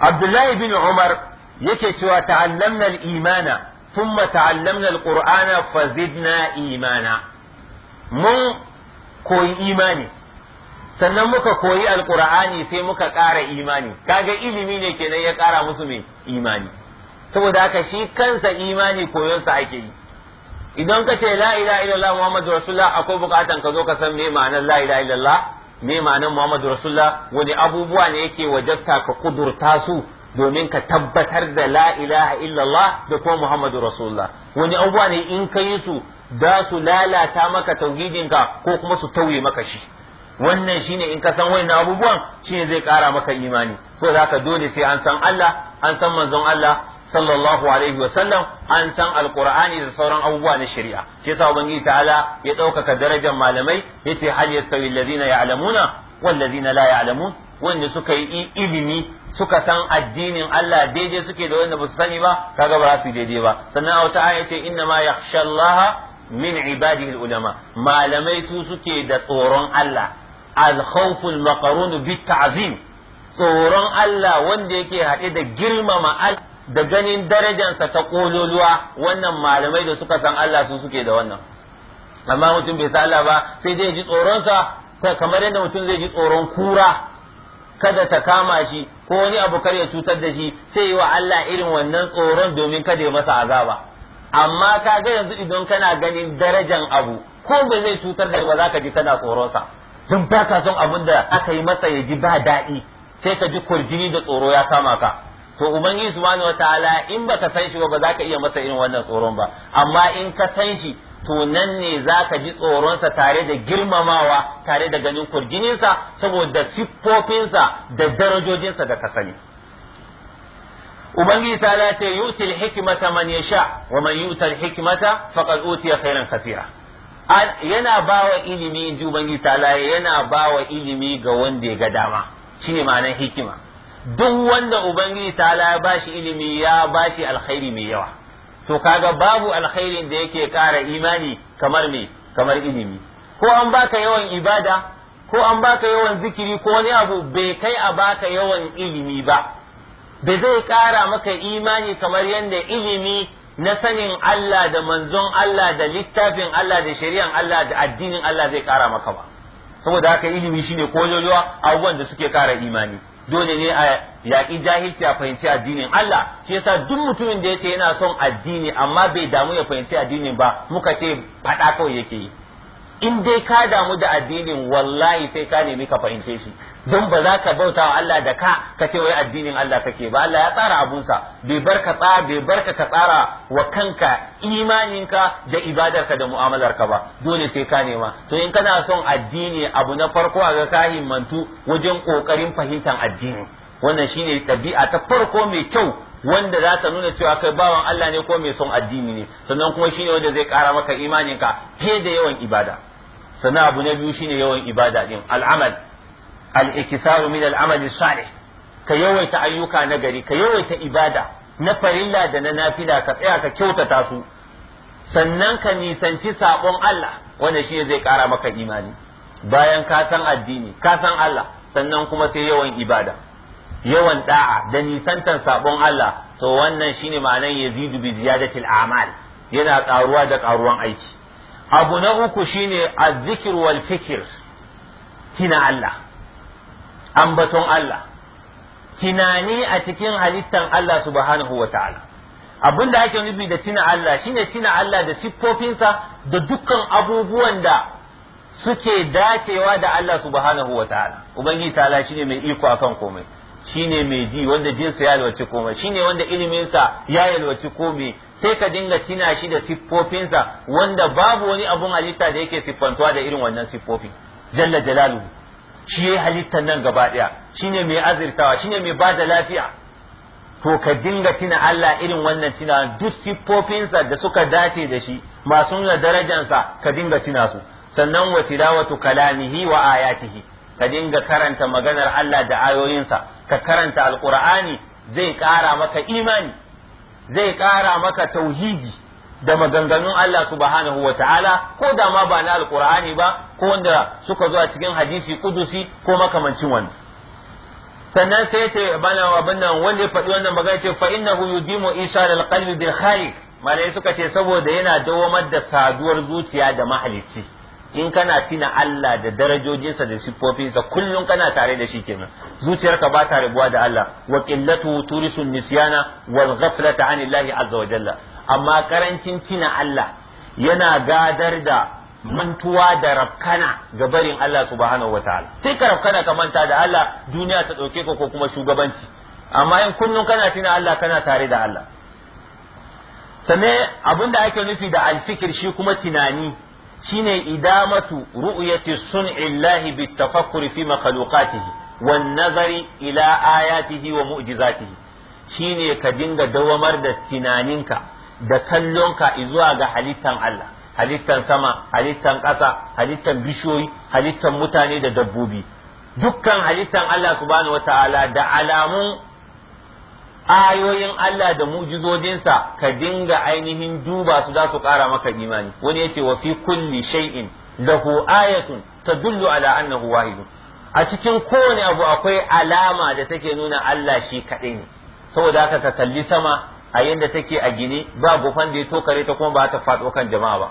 S1: Abdullahi bin Umar yake cewa ta'allamna al-imana thumma ta'allamna al-qur'ana fazidna imana mun koyi imani sannan muka koyi al-qur'ani sai muka ƙara imani kaga ilimi ne kenan ya ƙara musu mai imani saboda haka shi kansa imani koyonsa ake yi idan ka ce la ilaha illallah muhammadu rasulullah akwai bukatan ka zo ka san me ma'anar la ilaha illallah me ma'anar muhammadu rasulullah wani abubuwa ne yake wajabta ka kudurta su domin ka tabbatar da la ilaha illallah da kuma muhammadu rasulullah wani abubuwa ne in ka yi su za su lalata maka tauhidinka ko kuma su tauye maka shi wannan shine in ka san wayannan abubuwan shine zai kara maka imani so zaka dole sai an san Allah an san manzon Allah sallallahu alaihi wa sallam an san alqur'ani da sauran abubuwa na shari'a shi yasa ubangiji ta'ala ya ɗaukaka darajar malamai yace hal yastawi alladhina ya'lamuna wal ladina la ya'lamun wanda suka yi ilimi suka san addinin Allah daidai suke da wanda ba su sani ba kaga ba su daidai ba sannan a wata aya ce inna ma yakhsha Allah min ibadihi ulama malamai su suke da tsoron Allah al-khawf al-maqrun tazim tsoron Allah wanda yake haɗe da girmama Allah da ganin darajansa ta kololuwa wannan malamai da suka san Allah su suke da wannan amma mutum bai san Allah ba sai zai ji tsoronsa kamar yadda mutum zai ji tsoron kura kada ta kama shi ko wani abu kar ya cutar da shi sai yi wa Allah irin wannan tsoron domin kada ya masa azaba amma ka ga yanzu idan kana ganin darajan abu ko bai zai cutar da ba za ka ji kana tsoronsa don ba ka son abin da aka yi masa ya ji ba daɗi sai ka ji kurjini da tsoro ya kama ka to ubangiji subhanahu wataala in baka san shi ba ba za ka iya masa irin wannan tsoron ba amma in ka san shi to ne za ka ji tsoronsa tare da girmamawa tare da ganin kurgininsa saboda siffofinsa da darajojinsa da ka sani ubangiji ta yi yutil hikmata man ya sha wa man hikimata hikmata faqad utiya khairan kathira yana ba wa ilimi in ji ubangiji ta yana ba wa ilimi ga wanda ya ga dama shine ma'anar hikima duk wanda ubangiji ta ya bashi ilimi ya bashi alkhairi mai yawa to kaga babu alkhairin da yake ƙara imani kamar me kamar ilimi ko an baka yawan ibada ko an baka yawan zikiri ko wani abu bai kai a baka yawan ilimi ba bai zai ƙara maka imani kamar yadda ilimi na sanin Allah da manzon Allah da littafin Allah da shari'an Allah da addinin Allah zai ƙara maka ba saboda haka ilimi shine kojojwa abubuwan da suke ƙara imani dole ne a yaƙi jahilci a fahimci addinin Allah shi yasa duk mutumin da yake yana son addini amma bai damu ya fahimci addinin ba muka ce faɗa kawai yake yi in dai ka damu da addinin wallahi sai ka nemi ka fahimce shi don ba za ka bauta wa Allah da ka ka ce wai addinin Allah kake ba Allah ya tsara abun sa bai barka tsara bai barka ka tsara wa kanka imaninka da ibadarka da mu'amalarka ba dole sai ka nema to in kana son addini abu na farko a ga ka himmantu wajen kokarin fahimtar addini wannan shine ɗabi'a ta farko mai kyau wanda za ta nuna cewa kai bawan Allah ne ko mai son addini ne sannan kuma shine wanda zai kara maka imaninka fiye da yawan ibada sannan abu na biyu shine yawan ibada din al'amal al-iktisaru min al-amal salih ka yawaita ayyuka na gari ka yawaita ibada na farilla da na nafila ka tsaya ka kyautata su sannan ka nisanci sabon Allah wanda shine zai kara maka imani bayan ka san addini ka san Allah sannan kuma sai yawan ibada yawan da'a da nisantan sabon Allah to wannan shine ma'anan yazidu bi ziyadatil a'mal yana karuwa da karuwan aiki abu na uku shine azzikir wal fikir tina Allah ambaton Allah tunani a cikin halittar Allah subhanahu wa ta'ala abin da ake nufi da tina Allah shine tina Allah da siffofinsa da dukkan abubuwan da suke dacewa da Allah subhanahu wa ta'ala ubangiji ta'ala shine mai iko akan komai shine mai ji wanda jinsa ya yalwaci komai shine wanda iliminsa ya yalwaci komai sai ka dinga tina shi da siffofinsa wanda babu wani abun halitta da yake siffantuwa da irin wannan siffofin jalla jalalu shi ya halittar nan gaba Shi ne mai azirtawa shi ne mai ba da lafiya to ka dinga tina Allah irin wannan tina duk siffofinsa da suka dace da shi masu nuna darajansa ka dinga tina su sannan wa tilawatu kalamihi wa ayatihi ka dinga karanta maganar Allah da ayoyinsa ka karanta alqur'ani zai ƙara maka imani zai ƙara maka tauhidi da maganganun Allah subhanahu wa ta'ala ko da ma ba na alkur'ani ba ko wanda suka zo a cikin hadisi kudusi ko makamancin wani sannan sai ta bana abin nan wanda ya faɗi wannan magana ce fa innahu yudimu isa da qalbi bil khaliq malai suka ce saboda yana dawamar da saduwar zuciya da mahalicci in kana fina Allah da darajojinsa da siffofinsa kullum kana tare da shi kenan zuciyarka ba ta rabuwa da Allah wa qillatu turisu nisyana wal ghaflata anillahi azza wa jalla amma karancin tina Allah yana gadar da mantuwa da rafkana ga barin Allah subhanahu wataala sai ka rafkana ka manta da Allah duniya ta dauke ka ko kuma shugabanci amma in kullum kana fina Allah kana tare da Allah sannan abin da ake nufi da alfikir shi kuma tunani shine idamatu ru'yati sun'illahi bitafakkuri fi makhluqatihi wan nazari ila ayatihi wa mu'jizatihi shine ka dinga dawamar da tinaninka da kallonka izuwa ga halittan Allah halittan sama halittan ƙasa halittan bishiyoyi halittan mutane da dabbobi dukkan halittan Allah subhanahu da alamun ayoyin Allah da mujizojinsa ka dinga ainihin duba su za su ƙara maka imani wani yace wa fi kulli shay'in lahu ayatun tadullu ala annahu wahid a cikin kowane abu akwai alama da take nuna Allah shi kaɗai ne saboda haka ka kalli sama a yanda take a gini ba gufan da ya tokare ta kuma ba ta faɗo kan jama'a ba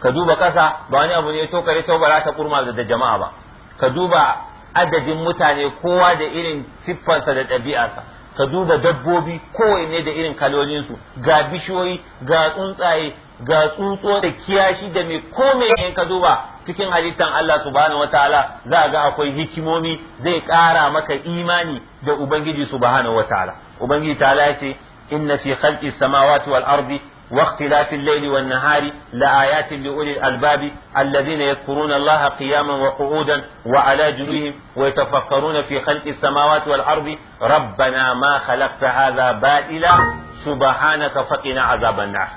S1: ka duba ƙasa ba wani abu ne ya tokare ta ba za ta kurma da jama'a ba ka duba adadin mutane kowa da irin siffarsa da ɗabi'arsa ka duba dabbobi kowanne da irin kalolinsu ga bishiyoyi ga tsuntsaye ga tsuntso da kiyashi da mai kome in ka duba cikin halittan Allah subhanahu wataala za ga akwai hikimomi zai kara maka imani da ubangiji subhanahu wataala ubangiji ta ce inna fi khalqis samawati wal ardi واختلاف الليل والنهار لآيات لأولي الألباب الذين يذكرون الله قياما وقعودا وعلى جنوبهم ويتفكرون في خلق السماوات والأرض ربنا ما خلقت هذا بائلا سبحانك فقنا عذاب النار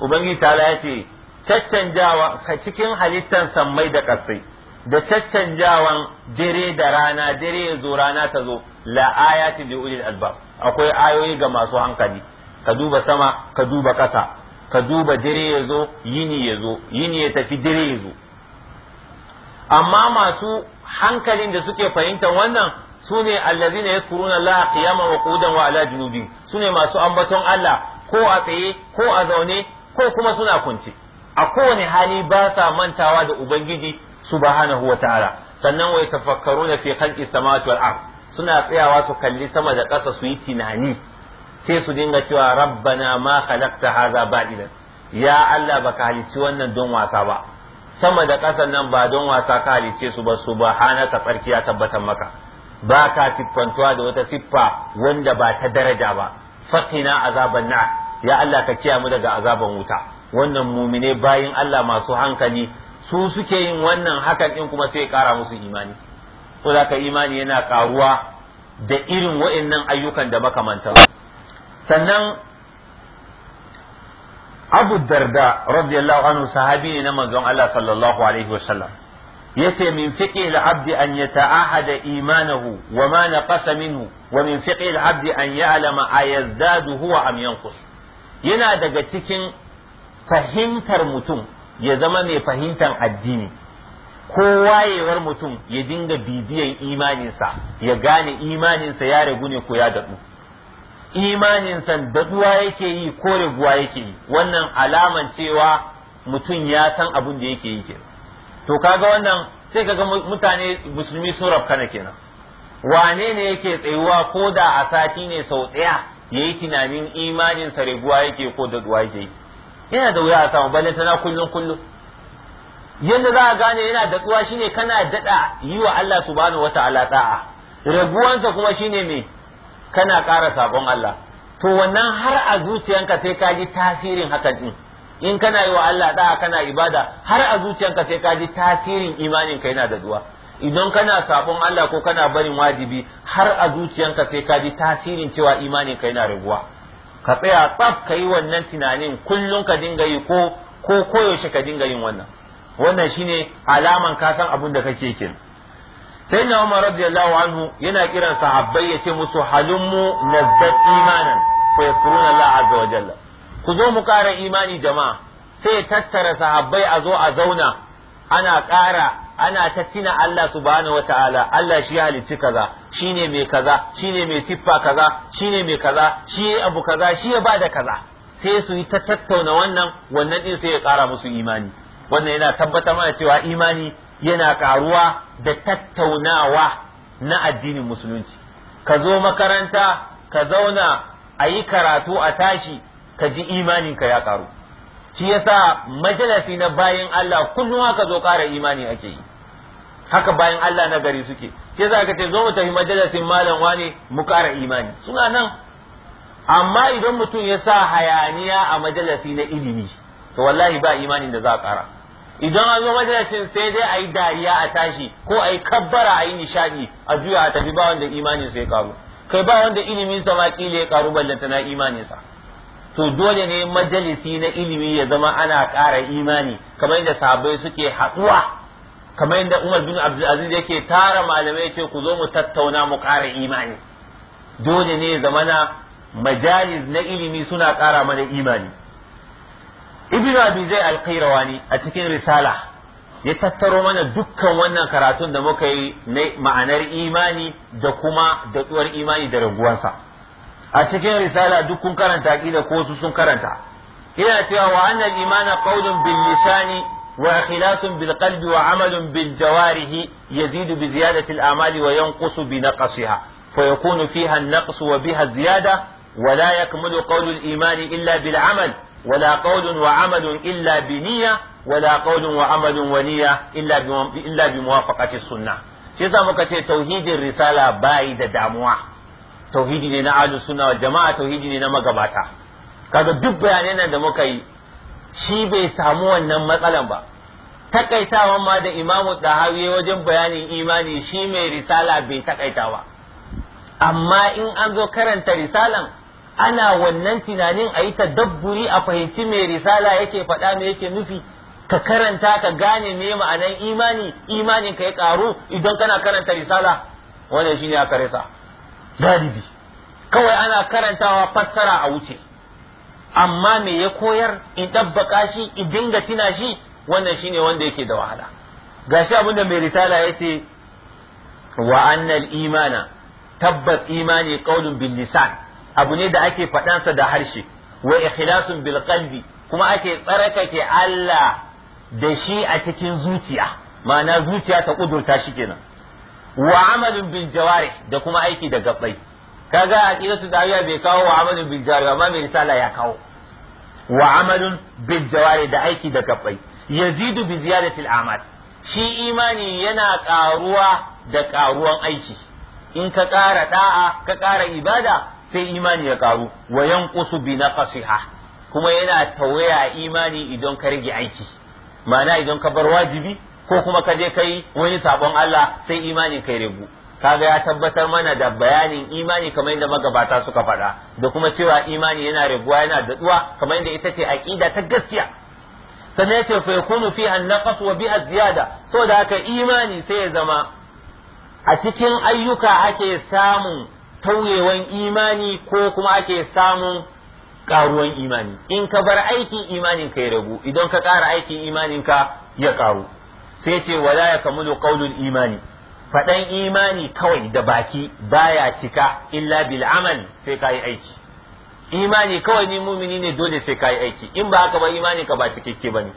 S1: وبنجي تعالى caccanjawa cikin halittan sammai da ƙasai da caccanjawan dare da rana dare ya zo rana ta zo la ayati li ulil albab akwai ayoyi ga masu hankali ka duba sama ka duba ƙasa ka duba dire ya zo yini ya zo yini ya tafi dire ya zo amma masu hankalin da suke fahimtar wannan su ne ya yadhkuruna Allah qiyaman wa qu'udan wa ala junubi su ne masu ambaton Allah ko a tsaye ko a zaune ko kuma suna kunce a kowane hali ba sa mantawa da ubangiji subhanahu wa ta'ala sannan wai na fi khalqi samawati wal suna tsayawa su kalli sama da ƙasa su yi tunani sai su dinga cewa rabbana ma khalaqta hadha ba'ilan ya Allah baka halicci wannan don wasa ba sama da ƙasan nan ba don wasa ka halicce su ba subhanaka farki ya tabbatar maka ba ka siffantuwa da wata siffa wanda ba ta daraja ba faqina azaban na ya Allah ka kiyaye mu daga azaban wuta wannan mumine bayin Allah masu hankali su suke yin wannan hakan din kuma sai kara musu imani ko da imani yana karuwa da irin waɗannan ayyukan da makamanta sannan abu darda radiyallahu anhu sahabi ne na manzon Allah sallallahu alaihi yace min fiqi al-abd an yata'ahada imanahu wa ma naqasa minhu wa min fiqi al-abd an ya'lama ayazdadu huwa am yanqus yana daga cikin fahimtar mutum ya zama mai fahimtar addini ko wayewar mutum ya dinga bibiyan imaninsa ya gane imaninsa ya ragu ne ko ya daɗu imaninsa daduwa yake yi ko raguwa yake yi wannan alaman cewa mutum ya san abin da yake yi ke to kaga wannan sai kaga mutane musulmi sun kana kenan wane ne yake tsayuwa ko da a sati ne sau ɗaya ya yi tunanin imaninsa raguwa yake ko daduwa yake yi yana da wuya a samu balle tana kullum kullum yadda za a gane yana da tsuwa shine kana daɗa yi wa Allah subhanahu wa ta'ala ta'a raguwansa kuma shine me kana ƙara sabon Allah to wannan har a zuciyanka sai ka ji tasirin hakan din in kana yi wa Allah da kana ibada har a zuciyanka sai ka ji tasirin imanin ka yana da duwa idan kana sabon Allah ko kana barin wajibi har a zuciyanka sai ka ji tasirin cewa imanin ka yana raguwa ka tsaya tsaf ka yi wannan tunanin kullum ka dinga yi ko ko koyaushe ka dinga yin wannan wannan shine alaman ka san abin da kake kin sai na Umar radiyallahu anhu yana kiran sahabbai yace musu halummu nazzat imanan fa yaskuruna Allah azza wa jalla ku zo mu ƙara imani jama'a sai tattara sahabbai a zo a zauna ana ƙara ana ta tina Allah subhanahu ala Allah shi halicci kaza shine mai kaza shine mai siffa kaza shine mai kaza shi abu kaza shi ya bada kaza sai su yi ta tattauna wannan wannan din sai ya ƙara musu imani wannan yana tabbatar mana cewa imani yana karuwa da tattaunawa na addinin musulunci ka zo makaranta ka zauna a yi karatu a tashi ka ji imaninka ya karu shi yasa majalisi na bayan Allah kullum haka zo ƙara imani ake yi haka bayan Allah na gari suke shi yasa ka ce zo mu tafi majalisin malam wani mu ƙara imani suna nan amma idan mutum ya sa hayaniya a majalisi na ilimi to wallahi ba imanin da za a ƙara idan an zo majalisin sai dai a yi dariya a tashi ko a yi kabbara a yi nishadi a juya a tafi ba wanda imanin sa ya karu kai ba wanda ilimin sa ma kila ya karu ballanta na imanin sa to dole ne majalisi na ilimi ya zama ana ƙara imani kamar yadda sahabbai suke haɗuwa kamar yadda Umar bin Abdulaziz yake tara malamai yace ku zo mu tattauna mu ƙara imani dole ne zamana majalis na ilimi suna ƙara mana imani ibnu abi zai alqairawani a cikin risala ya tattaro mana dukkan wannan karatun da muka yi na ma'anar imani da kuma daɗuwar imani da raguwarsa a cikin risala duk kun karanta aqida ko su sun karanta yana cewa wa annal
S2: imana qawlun
S1: bil lisani wa ikhlasun bil qalbi wa amalun bil jawarihi yazidu bi ziyadati al amali wa yanqusu bi naqsiha fa yakunu fiha an naqsu wa biha ziyada ولا يكمل قول illa إلا Amal. ولا قول وعمل إلا بنية ولا قول وعمل ونية إلا إلا بموافقة السنة shi za muka ce tauhidin risala bayi da damuwa tauhidi ne na ahlus sunna jama'a tauhidi ne na magabata kaga duk bayanan nan da muka yi shi bai samu wannan matsalan ba takaitawan ma da imamu dahawi wajen bayanin imani shi mai risala bai takaitawa amma in an zo karanta risalan ana wannan tunanin a yi dabburi a fahimci mai risala yake faɗa me yake nufi ka karanta ka gane me ma'anan imani imanin ka ya ƙaru idan kana karanta risala wannan ne aka rasa galibi kawai ana karantawa fassara a wuce amma me ya koyar in ɗabbaƙa shi in dinga tina shi wannan shine wanda yake da wahala gashi abin da mai risala yace wa annal imana tabbas imani qaulun bil lisan abu ne da ake faɗansa da harshe wa ikhlasun bil qalbi kuma ake tsarkake Allah da shi a cikin zuciya ma'ana zuciya ta kudurta shi kenan wa amalin bil jawari da kuma aiki da gabbai kaga aqidatu dawiya bai kawo wa amalin bil jawari amma mai risala ya kawo wa amalin bil jawari da aiki da gabbai yazidu bi ziyadati al amal shi imani yana karuwa da karuwan aiki in ka ƙara da'a ka ƙara ibada sai imani ya karu wa yanqusu bi naqsiha kuma yana tawaya imani idan ka rage aiki ma'ana idan ka bar wajibi ko kuma ka je kai wani sabon Allah sai imani kai ragu kaga ya tabbatar mana da bayanin imani kamar yadda magabata suka faɗa da kuma cewa imani yana raguwa yana daɗuwa kamar yadda ita ce aqida ta gaskiya sannan yace fa yakunu fi an-naqas wa bi ziyada saboda haka imani sai ya zama a cikin ayyuka ake samun tauyewan imani ko kuma ake samun karuwan imani in ka bar aikin imanin ka ya ragu idan ka ƙara aikin imanin ka ya karu sai ce wala ya kamulu qaulul imani faɗan imani kawai da baki baya cika illa bil amal sai kai aiki imani kawai ni mumini ne dole sai kai aiki in ba haka ba imani ka ba cikakke bane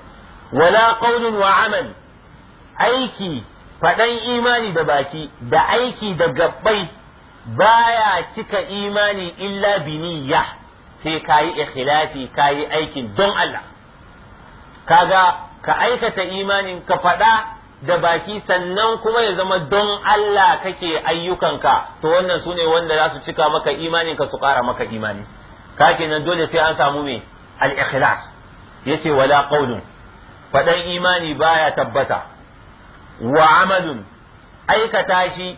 S1: wala qaulun wa amal aiki faɗan imani da baki da aiki da gabbai baya cika imani illa biniya sai kayi ikhlasi kayi aikin don Allah kaga ka aikata imanin ka faɗa da baki sannan kuma ya zama don Allah kake ayyukanka to wannan sune wanda za su cika maka imanin ka su ƙara maka imani ka kenan dole sai an samu me al-ikhlas yace wala qaulun faɗan imani baya tabbata wa amalun aikata shi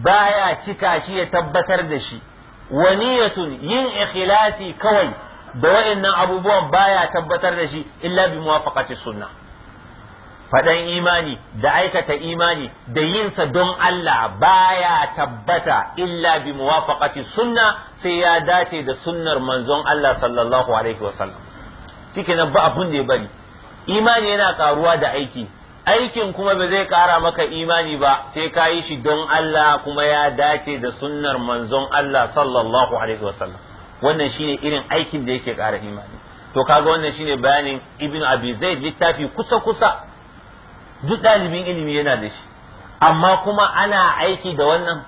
S1: baya cika shi ya tabbatar da shi waniyatun yin ikhlasi kawai da waɗannan abubuwan baya tabbatar da shi illa bi muwafaqati sunna fadan imani da aikata imani da yinsa don Allah baya tabbata illa bi muwafaqati sunna sai ya dace da sunnar manzon Allah sallallahu alaihi wasallam cikin ba abun da ya bari imani yana karuwa da aiki aikin kuma ba zai kara maka imani ba sai ka yi shi don Allah kuma ya dace da sunnar manzon Allah sallallahu alaihi wasallam wannan shine irin aikin da yake kara imani to kaga wannan shine bayanin ibn abi zaid littafi kusa kusa duk ɗalibin ilimi yana da shi amma kuma ana aiki da wannan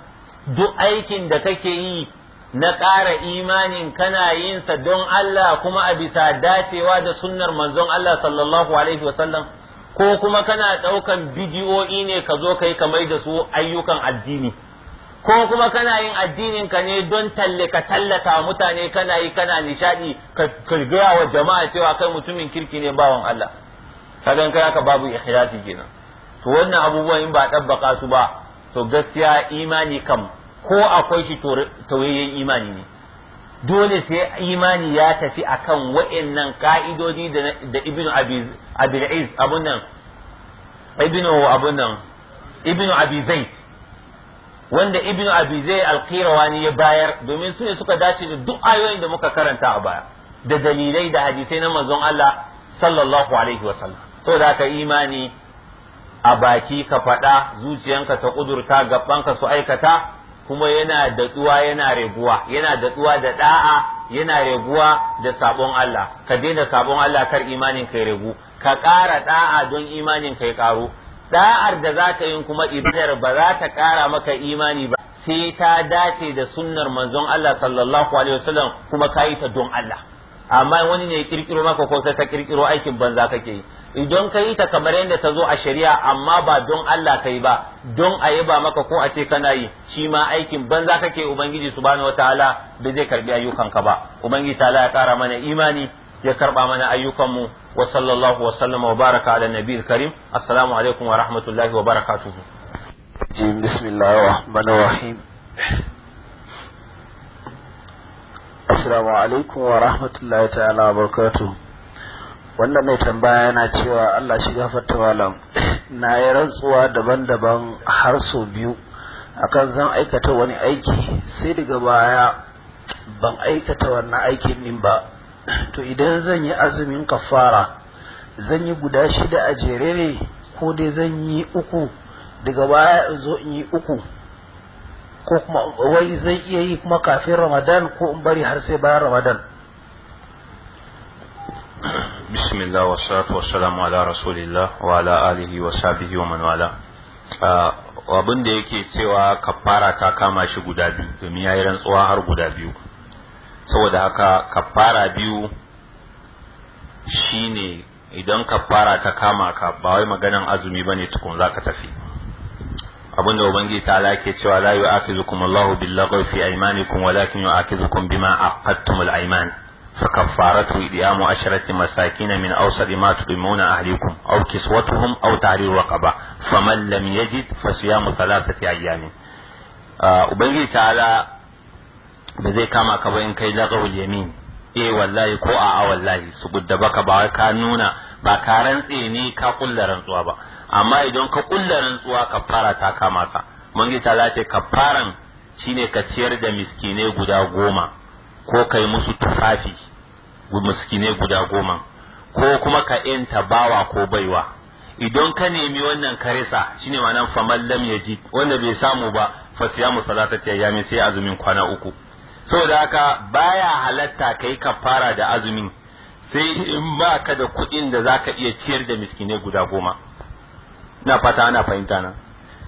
S1: duk aikin da kake yi na ƙara imanin kana yinsa don Allah kuma a bisa dacewa da sunnar manzon Allah sallallahu alaihi wasallam ko kuma kana ɗaukan bidiyoyi ne ka zo ka yi kamar da su ayyukan addini ko kuma kana yin addinin ka ne don talle ka tallata mutane kana yi kana nishadi ka gaya wa jama'a cewa kai mutumin kirki ne bawan Allah kagan kai haka babu ikhlasi kenan to wannan abubuwan in ba tabbaka su ba to gaskiya imani kam ko akwai shi tauyayyen imani ne dole sai imani ya tafi akan wa'annan ka'idodi da ibnu Abiz iz ibnu abun nan ibnu abi wanda ibnu abi zaid al-qirawani ya bayar domin su ne suka dace da duk ayoyin da muka karanta a baya da dalilai da hadisai na manzon Allah sallallahu alaihi wasallam to da ka imani a baki ka faɗa zuciyanka ta kudurta gabanka su aikata kuma yana da tsuwa yana raguwa yana da tsuwa da da'a yana raguwa da sabon Allah ka daina sabon Allah kar imanin kai ragu ka ƙara da'a don imanin kai ƙaro da'ar da za ka yi kuma ibadar ba za ta ƙara maka imani ba sai ta dace da sunnar manzon Allah sallallahu alaihi wasallam kuma ka yi ta don Allah amma wani ne ya kirkiro maka ko sai ka kirkiro aikin banza kake yi idan ka ta kamar yadda ta zo a shari'a amma ba don Allah kai ba don a ba maka ko a ce kana yi shi ma aikin banza kake ubangiji subhanahu wataala da zai karbi ka ba ubangiji ta'ala ya kara mana imani ya karba mana ayyukanmu wa sallallahu wa sallama wa baraka ala nabiyil karim assalamu alaikum wa rahmatullahi wa barakatuhu
S2: bismillahir rahmanir rahim Assalamu alaikum wa rahmatullahi ta'ala wa barakatuh. Wanda mai tambaya yana cewa Allah shi gafarta malam na yi rantsuwa daban-daban har sau biyu akan zan aikata wani aiki sai daga baya ban aikata wannan aikin din ba. To idan zan yi azumin kafara zan yi guda shida a jere ne ko dai zan yi uku daga baya in zo in yi uku ko kuma wai zai iya yi kuma kafin ramadan ko in bari har sai bayan ramadan
S1: bismillah wa salatu salamu ala rasulillah wa ala alihi wa sahbihi wa man wala abin da yake cewa kafara ta kama shi guda biyu domin yayi rantsuwa har guda biyu saboda haka kafara biyu shine idan kafara ta kama ka ba wai maganan azumi bane tukun zaka tafi abinda ubangi ta ala yake cewa la yu'akizukum Allahu lagwi fi aymanikum walakin yu'akizukum bima aqadtum al-ayman fa kaffaratu idyamu asharati masakin min awsad ma tudimuna ahlikum aw kiswatuhum aw tahriru raqaba faman lam yajid fa siyamu thalathati ayyamin ubangi ta ala da zai kama ka ba kai lagwi yamin eh wallahi ko a'a wallahi su gudda baka ba ka nuna ba ka rantse ne ka kullara rantsuwa ba amma idan ka kulla rantsuwa ka fara ta kama ka mun lace ka kafaran shine ka ciyar da miskinai guda goma ko kai musu tufafi miskinai guda goma ko kuma ka inta bawa ko baiwa idan ka nemi wannan karisa shine nan faman lam yaji wanda bai samu ba fa musalata ta yami sai azumin kwana uku saboda haka baya halatta kai kafara da azumin sai in ba ka da kuɗin da zaka iya ciyar da miskinai guda goma na fata ana fahimta nan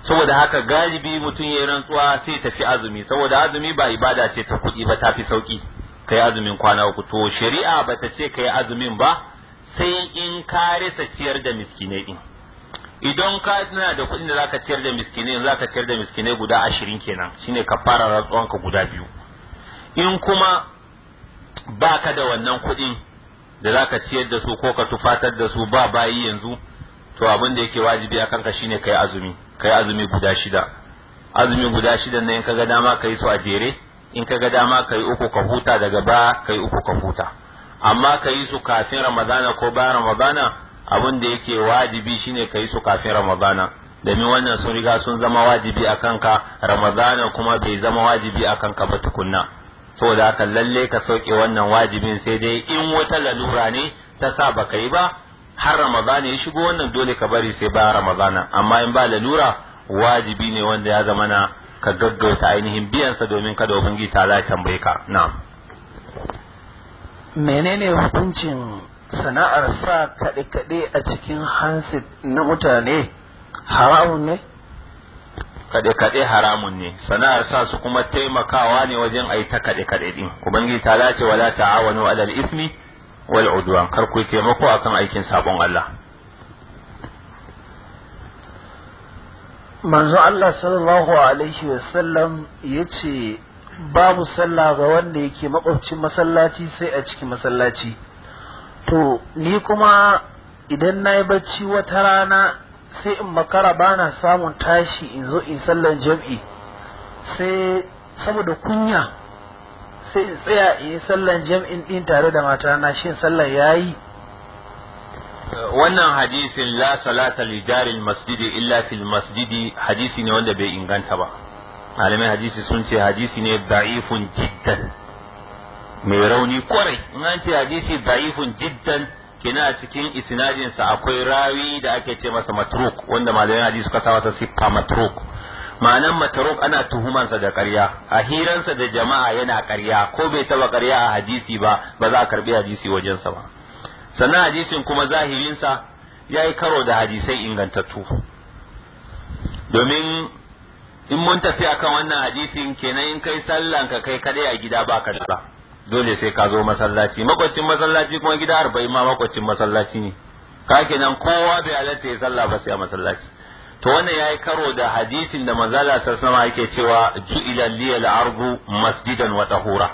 S1: saboda haka galibi mutum ya rantsuwa sai tafi azumi saboda azumi ba ibada ce ta kuɗi ba tafi sauki kai azumin kwana uku to shari'a ba ta ce kai azumin ba sai in ka rasa ciyar da miskinai din idan ka tana da kuɗin da zaka ciyar da miskinai zaka ciyar da miskinai guda ashirin kenan shine ka fara rantsuwan ka guda biyu in kuma baka da wannan kuɗin da zaka ciyar da su ko ka tufatar da su ba bayi yanzu to abin da yake wajibi akan ka shine kai azumi kai azumi guda shida azumi guda shida ne in ka ga dama kai su a jere in ka ga dama kai uku ka huta daga ba kai uku ka huta amma kai su kafin ramadana ko bayan ramadana abin da yake wajibi shine kai su kafin ramadana domin wannan sun riga sun zama wajibi a kanka ramadana kuma bai zama wajibi a kanka ba tukunna saboda haka lalle ka sauke wannan wajibin sai dai in wata lalura ne ta sa baka yi ba har ramadana ya shigo wannan dole ka bari sai ba ramadana amma in ba lalura wajibi ne wanda ya zama na ka gaggauta ainihin biyansa domin kada ubangiji ta za tambaye ka na'am
S2: menene hukuncin sana'ar sa kade-kade a cikin hansi na mutane haramun ne
S1: Kade-kade haramun ne sana'ar sa su kuma taimakawa ne wajen aita ta kaɗe-kaɗe din ubangiji ta wala ta'awanu alal ismi wal udwan kar ku taimako akan aikin sabon Allah
S2: manzo Allah sallallahu alaihi wasallam yace babu sallah ga wanda yake makwabcin masallaci sai a cikin masallaci to ni kuma idan na yi bacci wata rana sai in makara bana samun tashi in zo in sallan jam'i sai saboda kunya sai in tsaya in yi sallan jam'in din tare da mata na shin sallan yayi
S1: wannan hadisin la salata li jaril masjidi illa fil masjidi hadisi ne wanda bai inganta ba malamai hadisi sun ce hadisi ne da'ifun jiddan mai rauni kwarai in an ce hadisi da'ifun jiddan kina cikin isnadin sa akwai rawi da ake ce masa matruk wanda malamai hadisi suka sa masa siffa matruk ma'anan mataruk ana tuhumansa da ƙarya a hiransa da jama'a yana ƙarya ko bai taba ƙarya a hadisi ba ba za a karbi hadisi wajensa ba sannan hadisin kuma zahirinsa ya yi karo da hadisai ingantattu domin in mun tafi akan wannan hadisin kenan in kai sallan ka kai kaɗai a gida ba ka ba dole sai ka zo masallaci makwacin masallaci kuma gida arba'in ma makwacin masallaci ne ka kenan kowa bai halatta ya sallah ba sai a masallaci to wannan ya yi karo da hadisin da manzala sassama yake cewa ju'ila liyal ardu masjidan wa tahura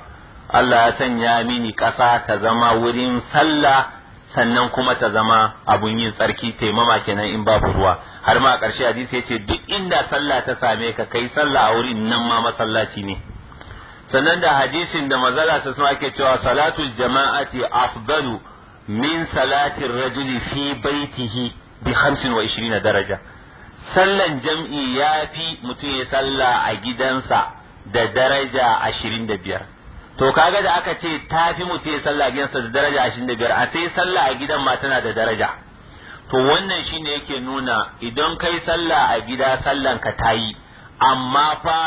S1: Allah ya sanya mini kasa ta zama wurin sallah sannan kuma ta zama abun yin tsarki taimama kenan in babu ruwa har ma a ƙarshe hadisi yace duk inda sallah ta same ka kai sallah a wurin nan ma masallaci ne sannan da hadisin da manzala sassama yake cewa salatul jama'ati afdalu min salatin rajuli fi baitihi bi 25 daraja sallan jam'i ya fi mutum ya salla a gidansa da daraja ashirin da biyar to kaga da aka ce ta fi mutum ya salla a gidansa da daraja ashirin da biyar a sai salla a gidan ma tana da daraja to wannan shine yake nuna idan kai salla a gida sallan ka tayi amma fa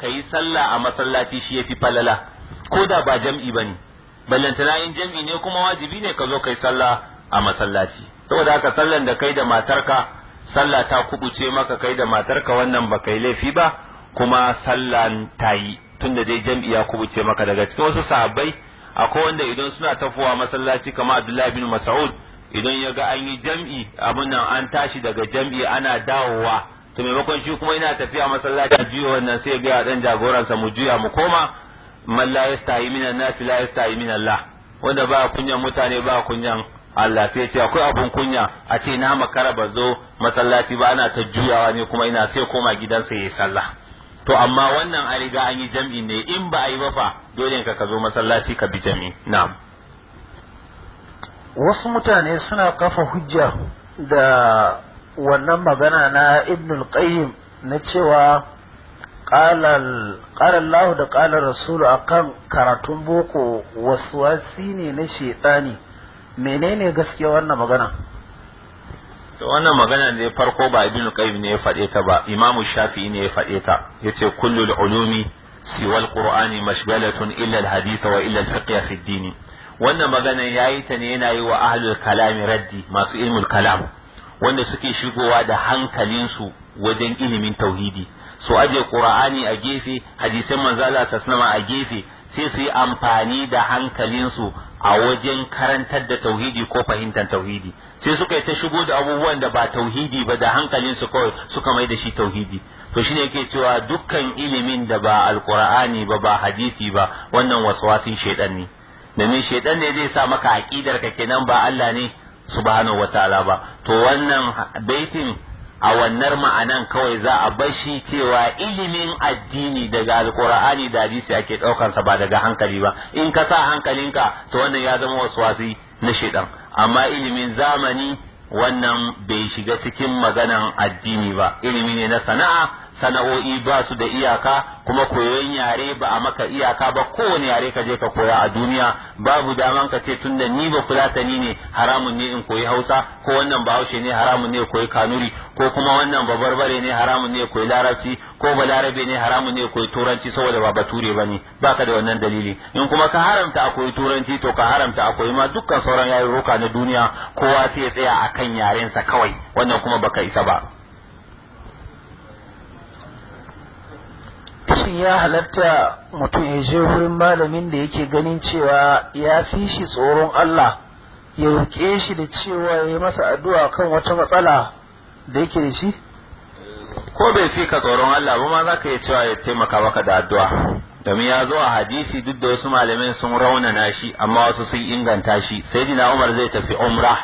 S1: ka yi sallah a masallaci shi ya fi falala ko da ba jam'i ba ne ballantana jam'i ne kuma wajibi ne ka zo ka yi salla a masallaci saboda haka sallan da kai da matarka sallah ta kubuce maka kai da matarka wannan ba kai laifi ba kuma sallan ta yi tunda dai jam'i ya kubuce maka daga cikin wasu sahabbai akwai wanda idan suna tafowa masallaci kamar Abdullahi bin Mas'ud idan ya ga an yi jam'i abin nan an tashi daga jam'i ana dawowa to maimakon shi kuma yana tafiya masallaci juya wannan sai ga dan jagoransa mu juya mu koma man la yastahi minan nas la yastahi minallah wanda ba kunyan mutane ba kunyan Allah sai ce akwai abun kunya a ce na makara ba zo masallaci ba ana ta juyawa ne kuma ina sai koma gidansa yayi sallah to amma wannan a riga an yi jam'i ne in ba a yi ba fa dole ka ka zo masallaci ka bi jam'i na'am
S2: wasu mutane suna kafa hujja da wannan magana na ibnul qayyim na cewa qalal Allah da qalar rasulu akan karatun boko waswasi ne na shaytani menene gaskiya wannan magana
S1: to wannan magana ne farko ba ibn qayyim ne ya faɗe ta ba imamu shafi'i ne ya faɗe ta yace kullul ulumi siwa alqur'ani mashgalatun illa alhadith wa illa alfiqh fi ad-din wannan magana yayi ta ne yana yi wa ahlul kalam raddi masu ilmul kalam wanda suke shigowa da hankalinsu wajen ilimin tauhidi su aje qur'ani a gefe hadisan manzo Allah sallallahu a gefe sai su yi amfani da hankalinsu a wajen karantar da tauhidi ko fahimtar tauhidi sai suka yi ta shigo da abubuwan da ba tauhidi ba da hankalin su kawai suka mai da shi tauhidi to shine yake cewa dukkan ilimin da ba alqur'ani ba ba hadisi ba wannan waswasin shaidan ne domin shaidan ne zai sa maka aqidar ka kenan ba Allah ne subhanahu wataala ba to wannan baitin a wannan ma'anan kawai za a bar shi cewa ilimin addini daga alkur'ani da hadisi ake ɗaukansa ba daga hankali ba in ka sa hankalinka to wannan ya zama waswasi na shaidan amma ilimin zamani wannan bai shiga cikin maganan addini ba ilimi ne na sana'a sana'o'i ba su da iyaka kuma koyon yare ba a maka iyaka ba kowane yare ka je ka koya a duniya babu daman ka ce tunda ni ba kula ta ni ne haramun ne in koyi hausa ko wannan ba haushe ne haramun ne koyi kanuri ko kuma wannan babarbare ne haramun ne koyi larabci ko balarabe ne haramun ne koyi turanci saboda ba bature ba ne baka da wannan dalili in kuma ka haramta akwai turanci to ka haramta akwai ma dukkan sauran roka na duniya kowa sai ya tsaya akan yarensa kawai wannan kuma baka isa ba
S2: shin ya halarta mutum ya je wurin malamin da yake ganin cewa ya fi shi tsoron Allah ya roƙe shi da cewa ya yi masa addu'a kan wata matsala da yake da shi
S1: ko bai fi ka tsoron Allah ba ma za ka iya cewa ya taimaka maka da addu'a domin ya zo a hadisi duk da wasu malamai sun raunana shi amma wasu sun inganta shi sai dina Umar zai tafi umra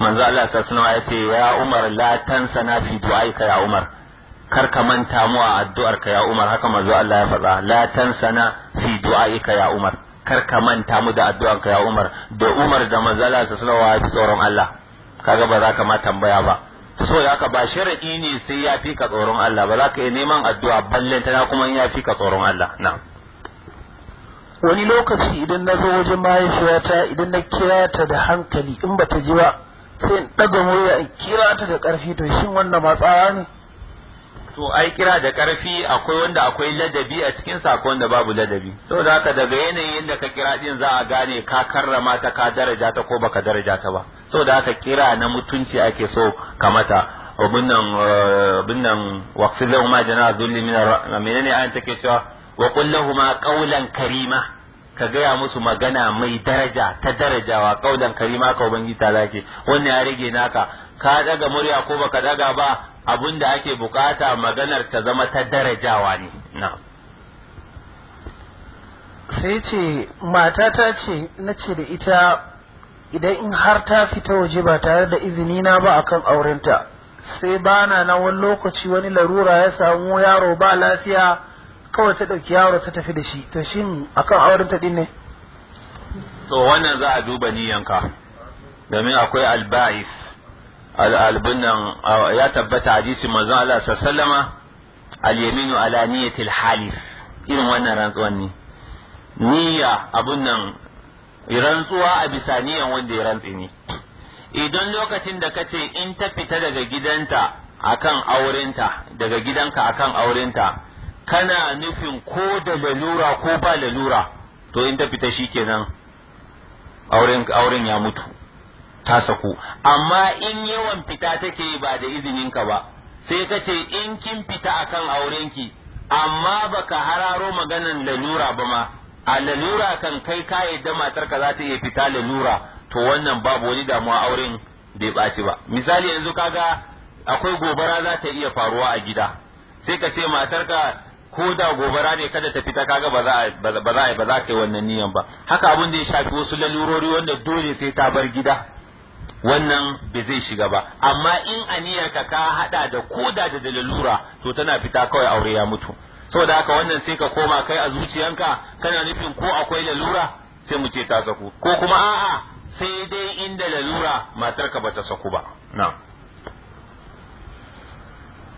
S1: manzo Allah sallallahu ya ce ya Umar la tansa na fi ka ya Umar kar ka manta mu a addu'ar ka ya Umar haka manzo Allah ya faɗa la tansa na fi ka ya Umar kar ka manta mu da addu'ar ka ya Umar da Umar da manzo Allah sallallahu ya wasallam tsoron Allah kaga ba za ka ma tambaya ba so da haka ba shari'i ne sai ya fi ka tsoron Allah ba za ka yi neman addu'a ballen tana kuma ya fi ka tsoron Allah na
S2: wani lokaci idan na zo wajen mahaifiyata idan na kira ta da hankali in ba ta ji ba sai in ɗaga murya in kira ta da ƙarfi to shin wannan matsaya ne
S1: to ai kira da karfi akwai wanda akwai ladabi a cikin sako wanda babu ladabi da ka daga yanayin da ka kira din za a gane ka karrama ta ka daraja ta ko baka daraja ta ba da ka kira na mutunci ake so kamata abin nan eh, abin nan waqfi lahum ma jana zulli min menene ayan take cewa wa qul lahum qawlan karima ka gaya musu magana mai daraja ta darajawa qawlan karima ka ubangi ta zake wannan ya rage naka ka daga murya ko baka daga ba abin da ake bukata maganar ta zama ta darajawa ne na
S2: sai ce mata ta ce na ce da ita idan in har ta fita waje ba tare da izini na ba akan aurenta sai bana na wani lokaci wani larura ya samu yaro ba lafiya kawai ta ɗauki yaro ta tafi da shi to shi akan aurenta din ne
S1: So wannan za a duba niyanka domin akwai alba'is albin nan ya tabbata hadisi manzon Allah sallama al ala niyatil halif irin wannan rantsuwan ne niyya abun nan rantsuwa a bisa niyan wanda ya rantsi ne idan lokacin da kace in ta fita daga gidanta akan aurenta daga gidanka akan aurenta kana nufin ko da lalura ko ba lalura to in ta fita shikenan auren auren ya mutu ta sako amma in yawan fita take ba da izinin ka ba sai ka ce in kin fita akan aurenki amma baka hararo maganan lalura ba ma a lalura kan kai ka yadda ka za ta iya fita lalura to wannan babu wani damuwa auren bai ɓaci ba misali yanzu kaga akwai gobara za ta iya faruwa a gida sai ka ce ka ko da gobara ne kada ta fita kaga ba za ba za ba za ka yi wannan niyan ba haka abin da ya shafi wasu lalurori wanda dole sai ta bar gida wannan bai zai shiga ba amma in niyyarka ka hada da koda da lalura to tana fita kawai aure ya mutu saboda haka wannan sai ka koma kai a zuciyanka kana nufin ko akwai lalura sai mu ce ta saku ko kuma
S2: a'a sai dai
S1: inda lalura matarka bata saku ba na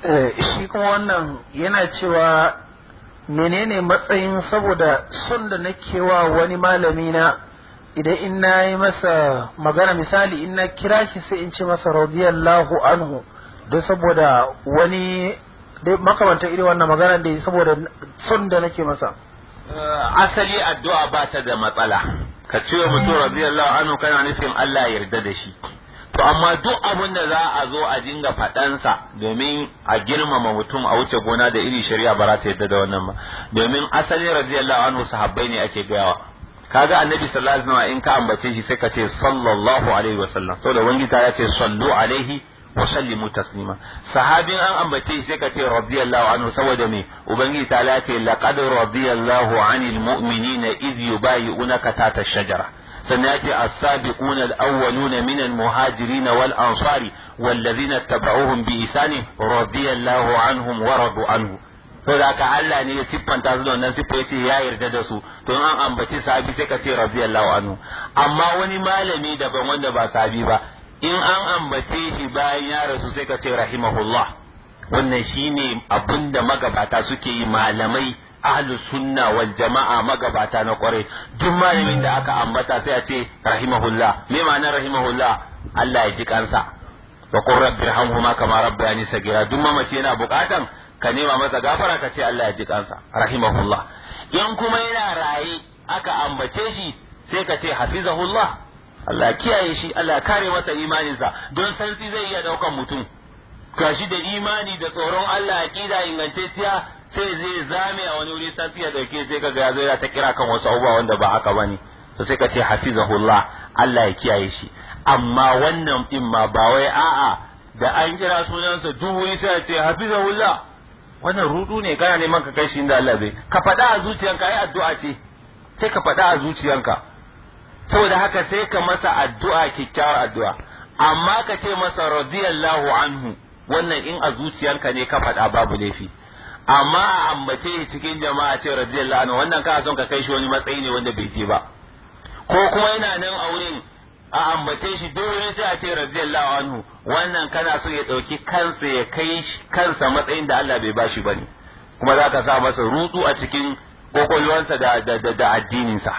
S2: eh, shi kuma wannan yana cewa menene matsayin saboda son da nake wa wani malami na idan in na yi masa magana misali in na kira shi sai in ce masa radiyallahu anhu don saboda wani makamantar iri wannan magana da saboda sun da nake masa eh,
S1: asali addu'a ba ta da matsala ka ce wa mutum radiyallahu anhu kana nufin Allah ya yarda da shi to amma duk abin da za a zo a dinga faɗansa domin a girmama mutum a wuce gona da iri shari'a ba za ta yarda da wannan ba domin asali radiyallahu anhu sahabbai ne ake gayawa kaga annabi sallallahu alaihi wasallam in ka ambace shi sai ka ce sallallahu alaihi wasallam saboda wani ta ya ce sallu alaihi wa sallimu taslima sahabin an ambace shi sai ka ce radiyallahu anhu saboda me ubangiji ta ya ce laqad radiyallahu anil mu'minina idh yubayi'unaka tata shajara sannan ya ce as-sabiquna al-awwaluna min al-muhajirin wal ansari wallazina tabauhum bi ihsan radiyallahu anhum wa radu anhu da aka Allah ne ya siffanta su da wannan siffa yace ya yarda da su to in an ambaci sahabi sai ka ce radiyallahu anhu amma wani malami daban wanda ba sahabi ba in an ambace shi bayan ya rasu sai ka ce rahimahullah wannan shine abinda magabata suke yi malamai ahlus sunna wal jama'a magabata na kwarai duk malamin da aka ambata sai a ce rahimahullah me ma'anar rahimahullah Allah ya ji kansa wa qur rabbi irhamhuma kama rabbayani sagira duk mamace yana bukatan ka nema masa gafara ka ce Allah ya ji kansa rahimahullah in kuma yana raye aka ambace shi sai ka ce hafizahullah Allah kiyaye shi Allah kare masa imaninsa don santsi zai iya daukan mutum kashi da imani da tsoron Allah aqida ingantacciya sai zai zame a wani wuri santsi ya dauke sai ga ya zo ya ta kira kan wasu abubuwa wanda ba haka bane to sai ka ce hafizahullah Allah ya kiyaye shi amma wannan din ma ba wai a'a da an kira sunansa duk wuri sai ya ce hafizahullah wannan rudu ne kana neman ka kai shi inda Allah bai ka fada a zuciyanka ai addu'a ce sai ka faɗa a zuciyanka saboda haka sai ka masa addu'a kyakkyawar addu'a amma ka ce masa radiyallahu anhu wannan in a zuciyanka ne ka faɗa babu laifi amma a ambace cikin jama'a ce radiyallahu anhu wannan ka son ka kai shi wani matsayi ne wanda bai je ba
S2: ko kuma yana nan a wurin a
S1: ambace shi dole sai a ce radiyallahu anhu wannan kana so ya dauki kansa ya kai kansa matsayin da Allah bai bashi bane kuma za ka sa masa rutsu a cikin kokolwansa da da da addininsa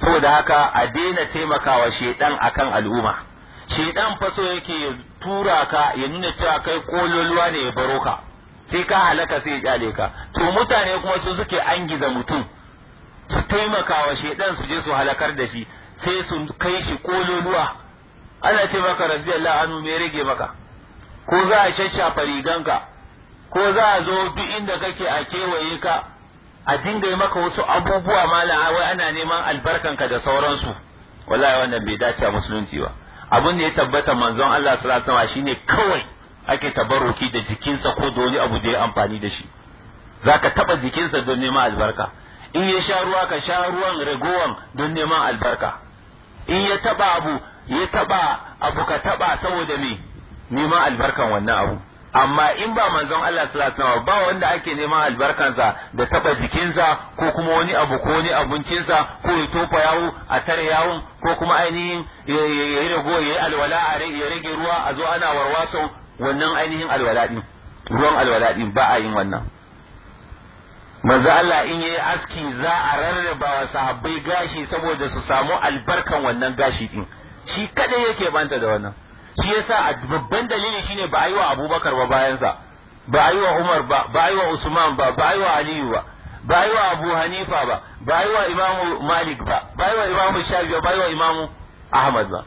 S1: saboda haka a daina taimakawa shedan akan al'umma shedan fa so yake ya tura ka ya nuna cewa kai kololuwa ne ya baro ka sai ka halaka sai ya kyale ka to mutane kuma su suke angiza mutum su taimakawa shedan su je su halakar da shi sai su kai shi kololuwa ana ce maka radiyallahu anhu me rage maka ko za a shashafa riganka ko za a zo duk inda kake a kewaye ka a dinga yi maka wasu abubuwa mala wai ana neman ka da sauransu wallahi wannan bai dace a musulunci ba Abun da ya tabbata manzon Allah sallallahu alaihi wasallam shine kawai ake tabarruki da jikinsa ko da wani abu da ya amfani da shi zaka taba jikinsa don neman albarka in ya sha ruwa ka sha ruwan ragowan don neman albarka in ya taba abu ya taba abu ka taba saboda me neman albarkan wannan abu amma in ba manzon Allah sallallahu alaihi ba wanda ake neman albarkansa da taba jikinsa ko kuma wani abu ko wani abincinsa ko ya tofa yawo a tare yawo ko kuma ainihin ya yi rago ya yi alwala ya rage ruwa a zo ana warwaso wannan ainihin alwala din ruwan alwala din ba a yin wannan manzo Allah in yayi aski za a rarraba wa sahabbai gashi saboda su samu albarkan wannan gashi din shi kada yake banta da wannan shi yasa babban dalili shine ba a wa Abubakar ba bayansa ba a wa Umar ba ba a wa Usman ba ba a wa Aliyu ba ba a wa Abu Hanifa ba ba a wa Imam Malik ba ba a wa Imam Shafi ba ba a wa Imam Ahmad ba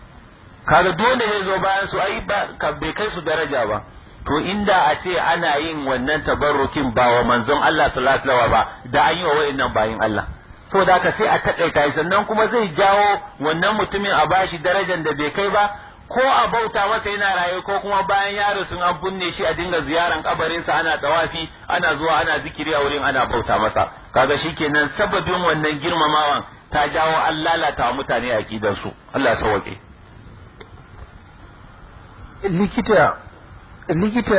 S1: kaga dole ne zo bayan su ai ba bai kai su daraja ba to inda a ce ana yin wannan tabarrukin ba wa manzon Allah sallallahu alaihi ba da an yi wa wayannan bayin Allah to da ka sai a takaita sannan kuma zai jawo wannan mutumin a bashi darajar da bai kai ba ko a bauta masa yana raye ko kuma bayan yaro sun an binne shi a dinga ziyaran sa ana tawafi ana zuwa ana zikiri a wurin ana bauta masa kaga shikenan sababin wannan girmamawan ta jawo an lalata mutane a su Allah sauke
S2: likita likita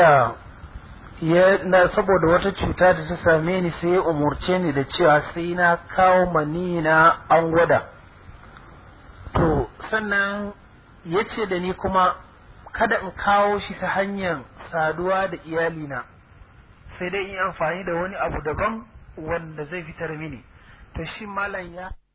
S2: ya na saboda wata cuta da ta same ni sai ya umurce ni da cewa sai na kawo mani na an gwada to sannan ya ce da ni kuma kada in kawo shi ta hanyar saduwa da iyalina sai dai in yi amfani da wani abu daban wanda zai fitar mini to shi malam ya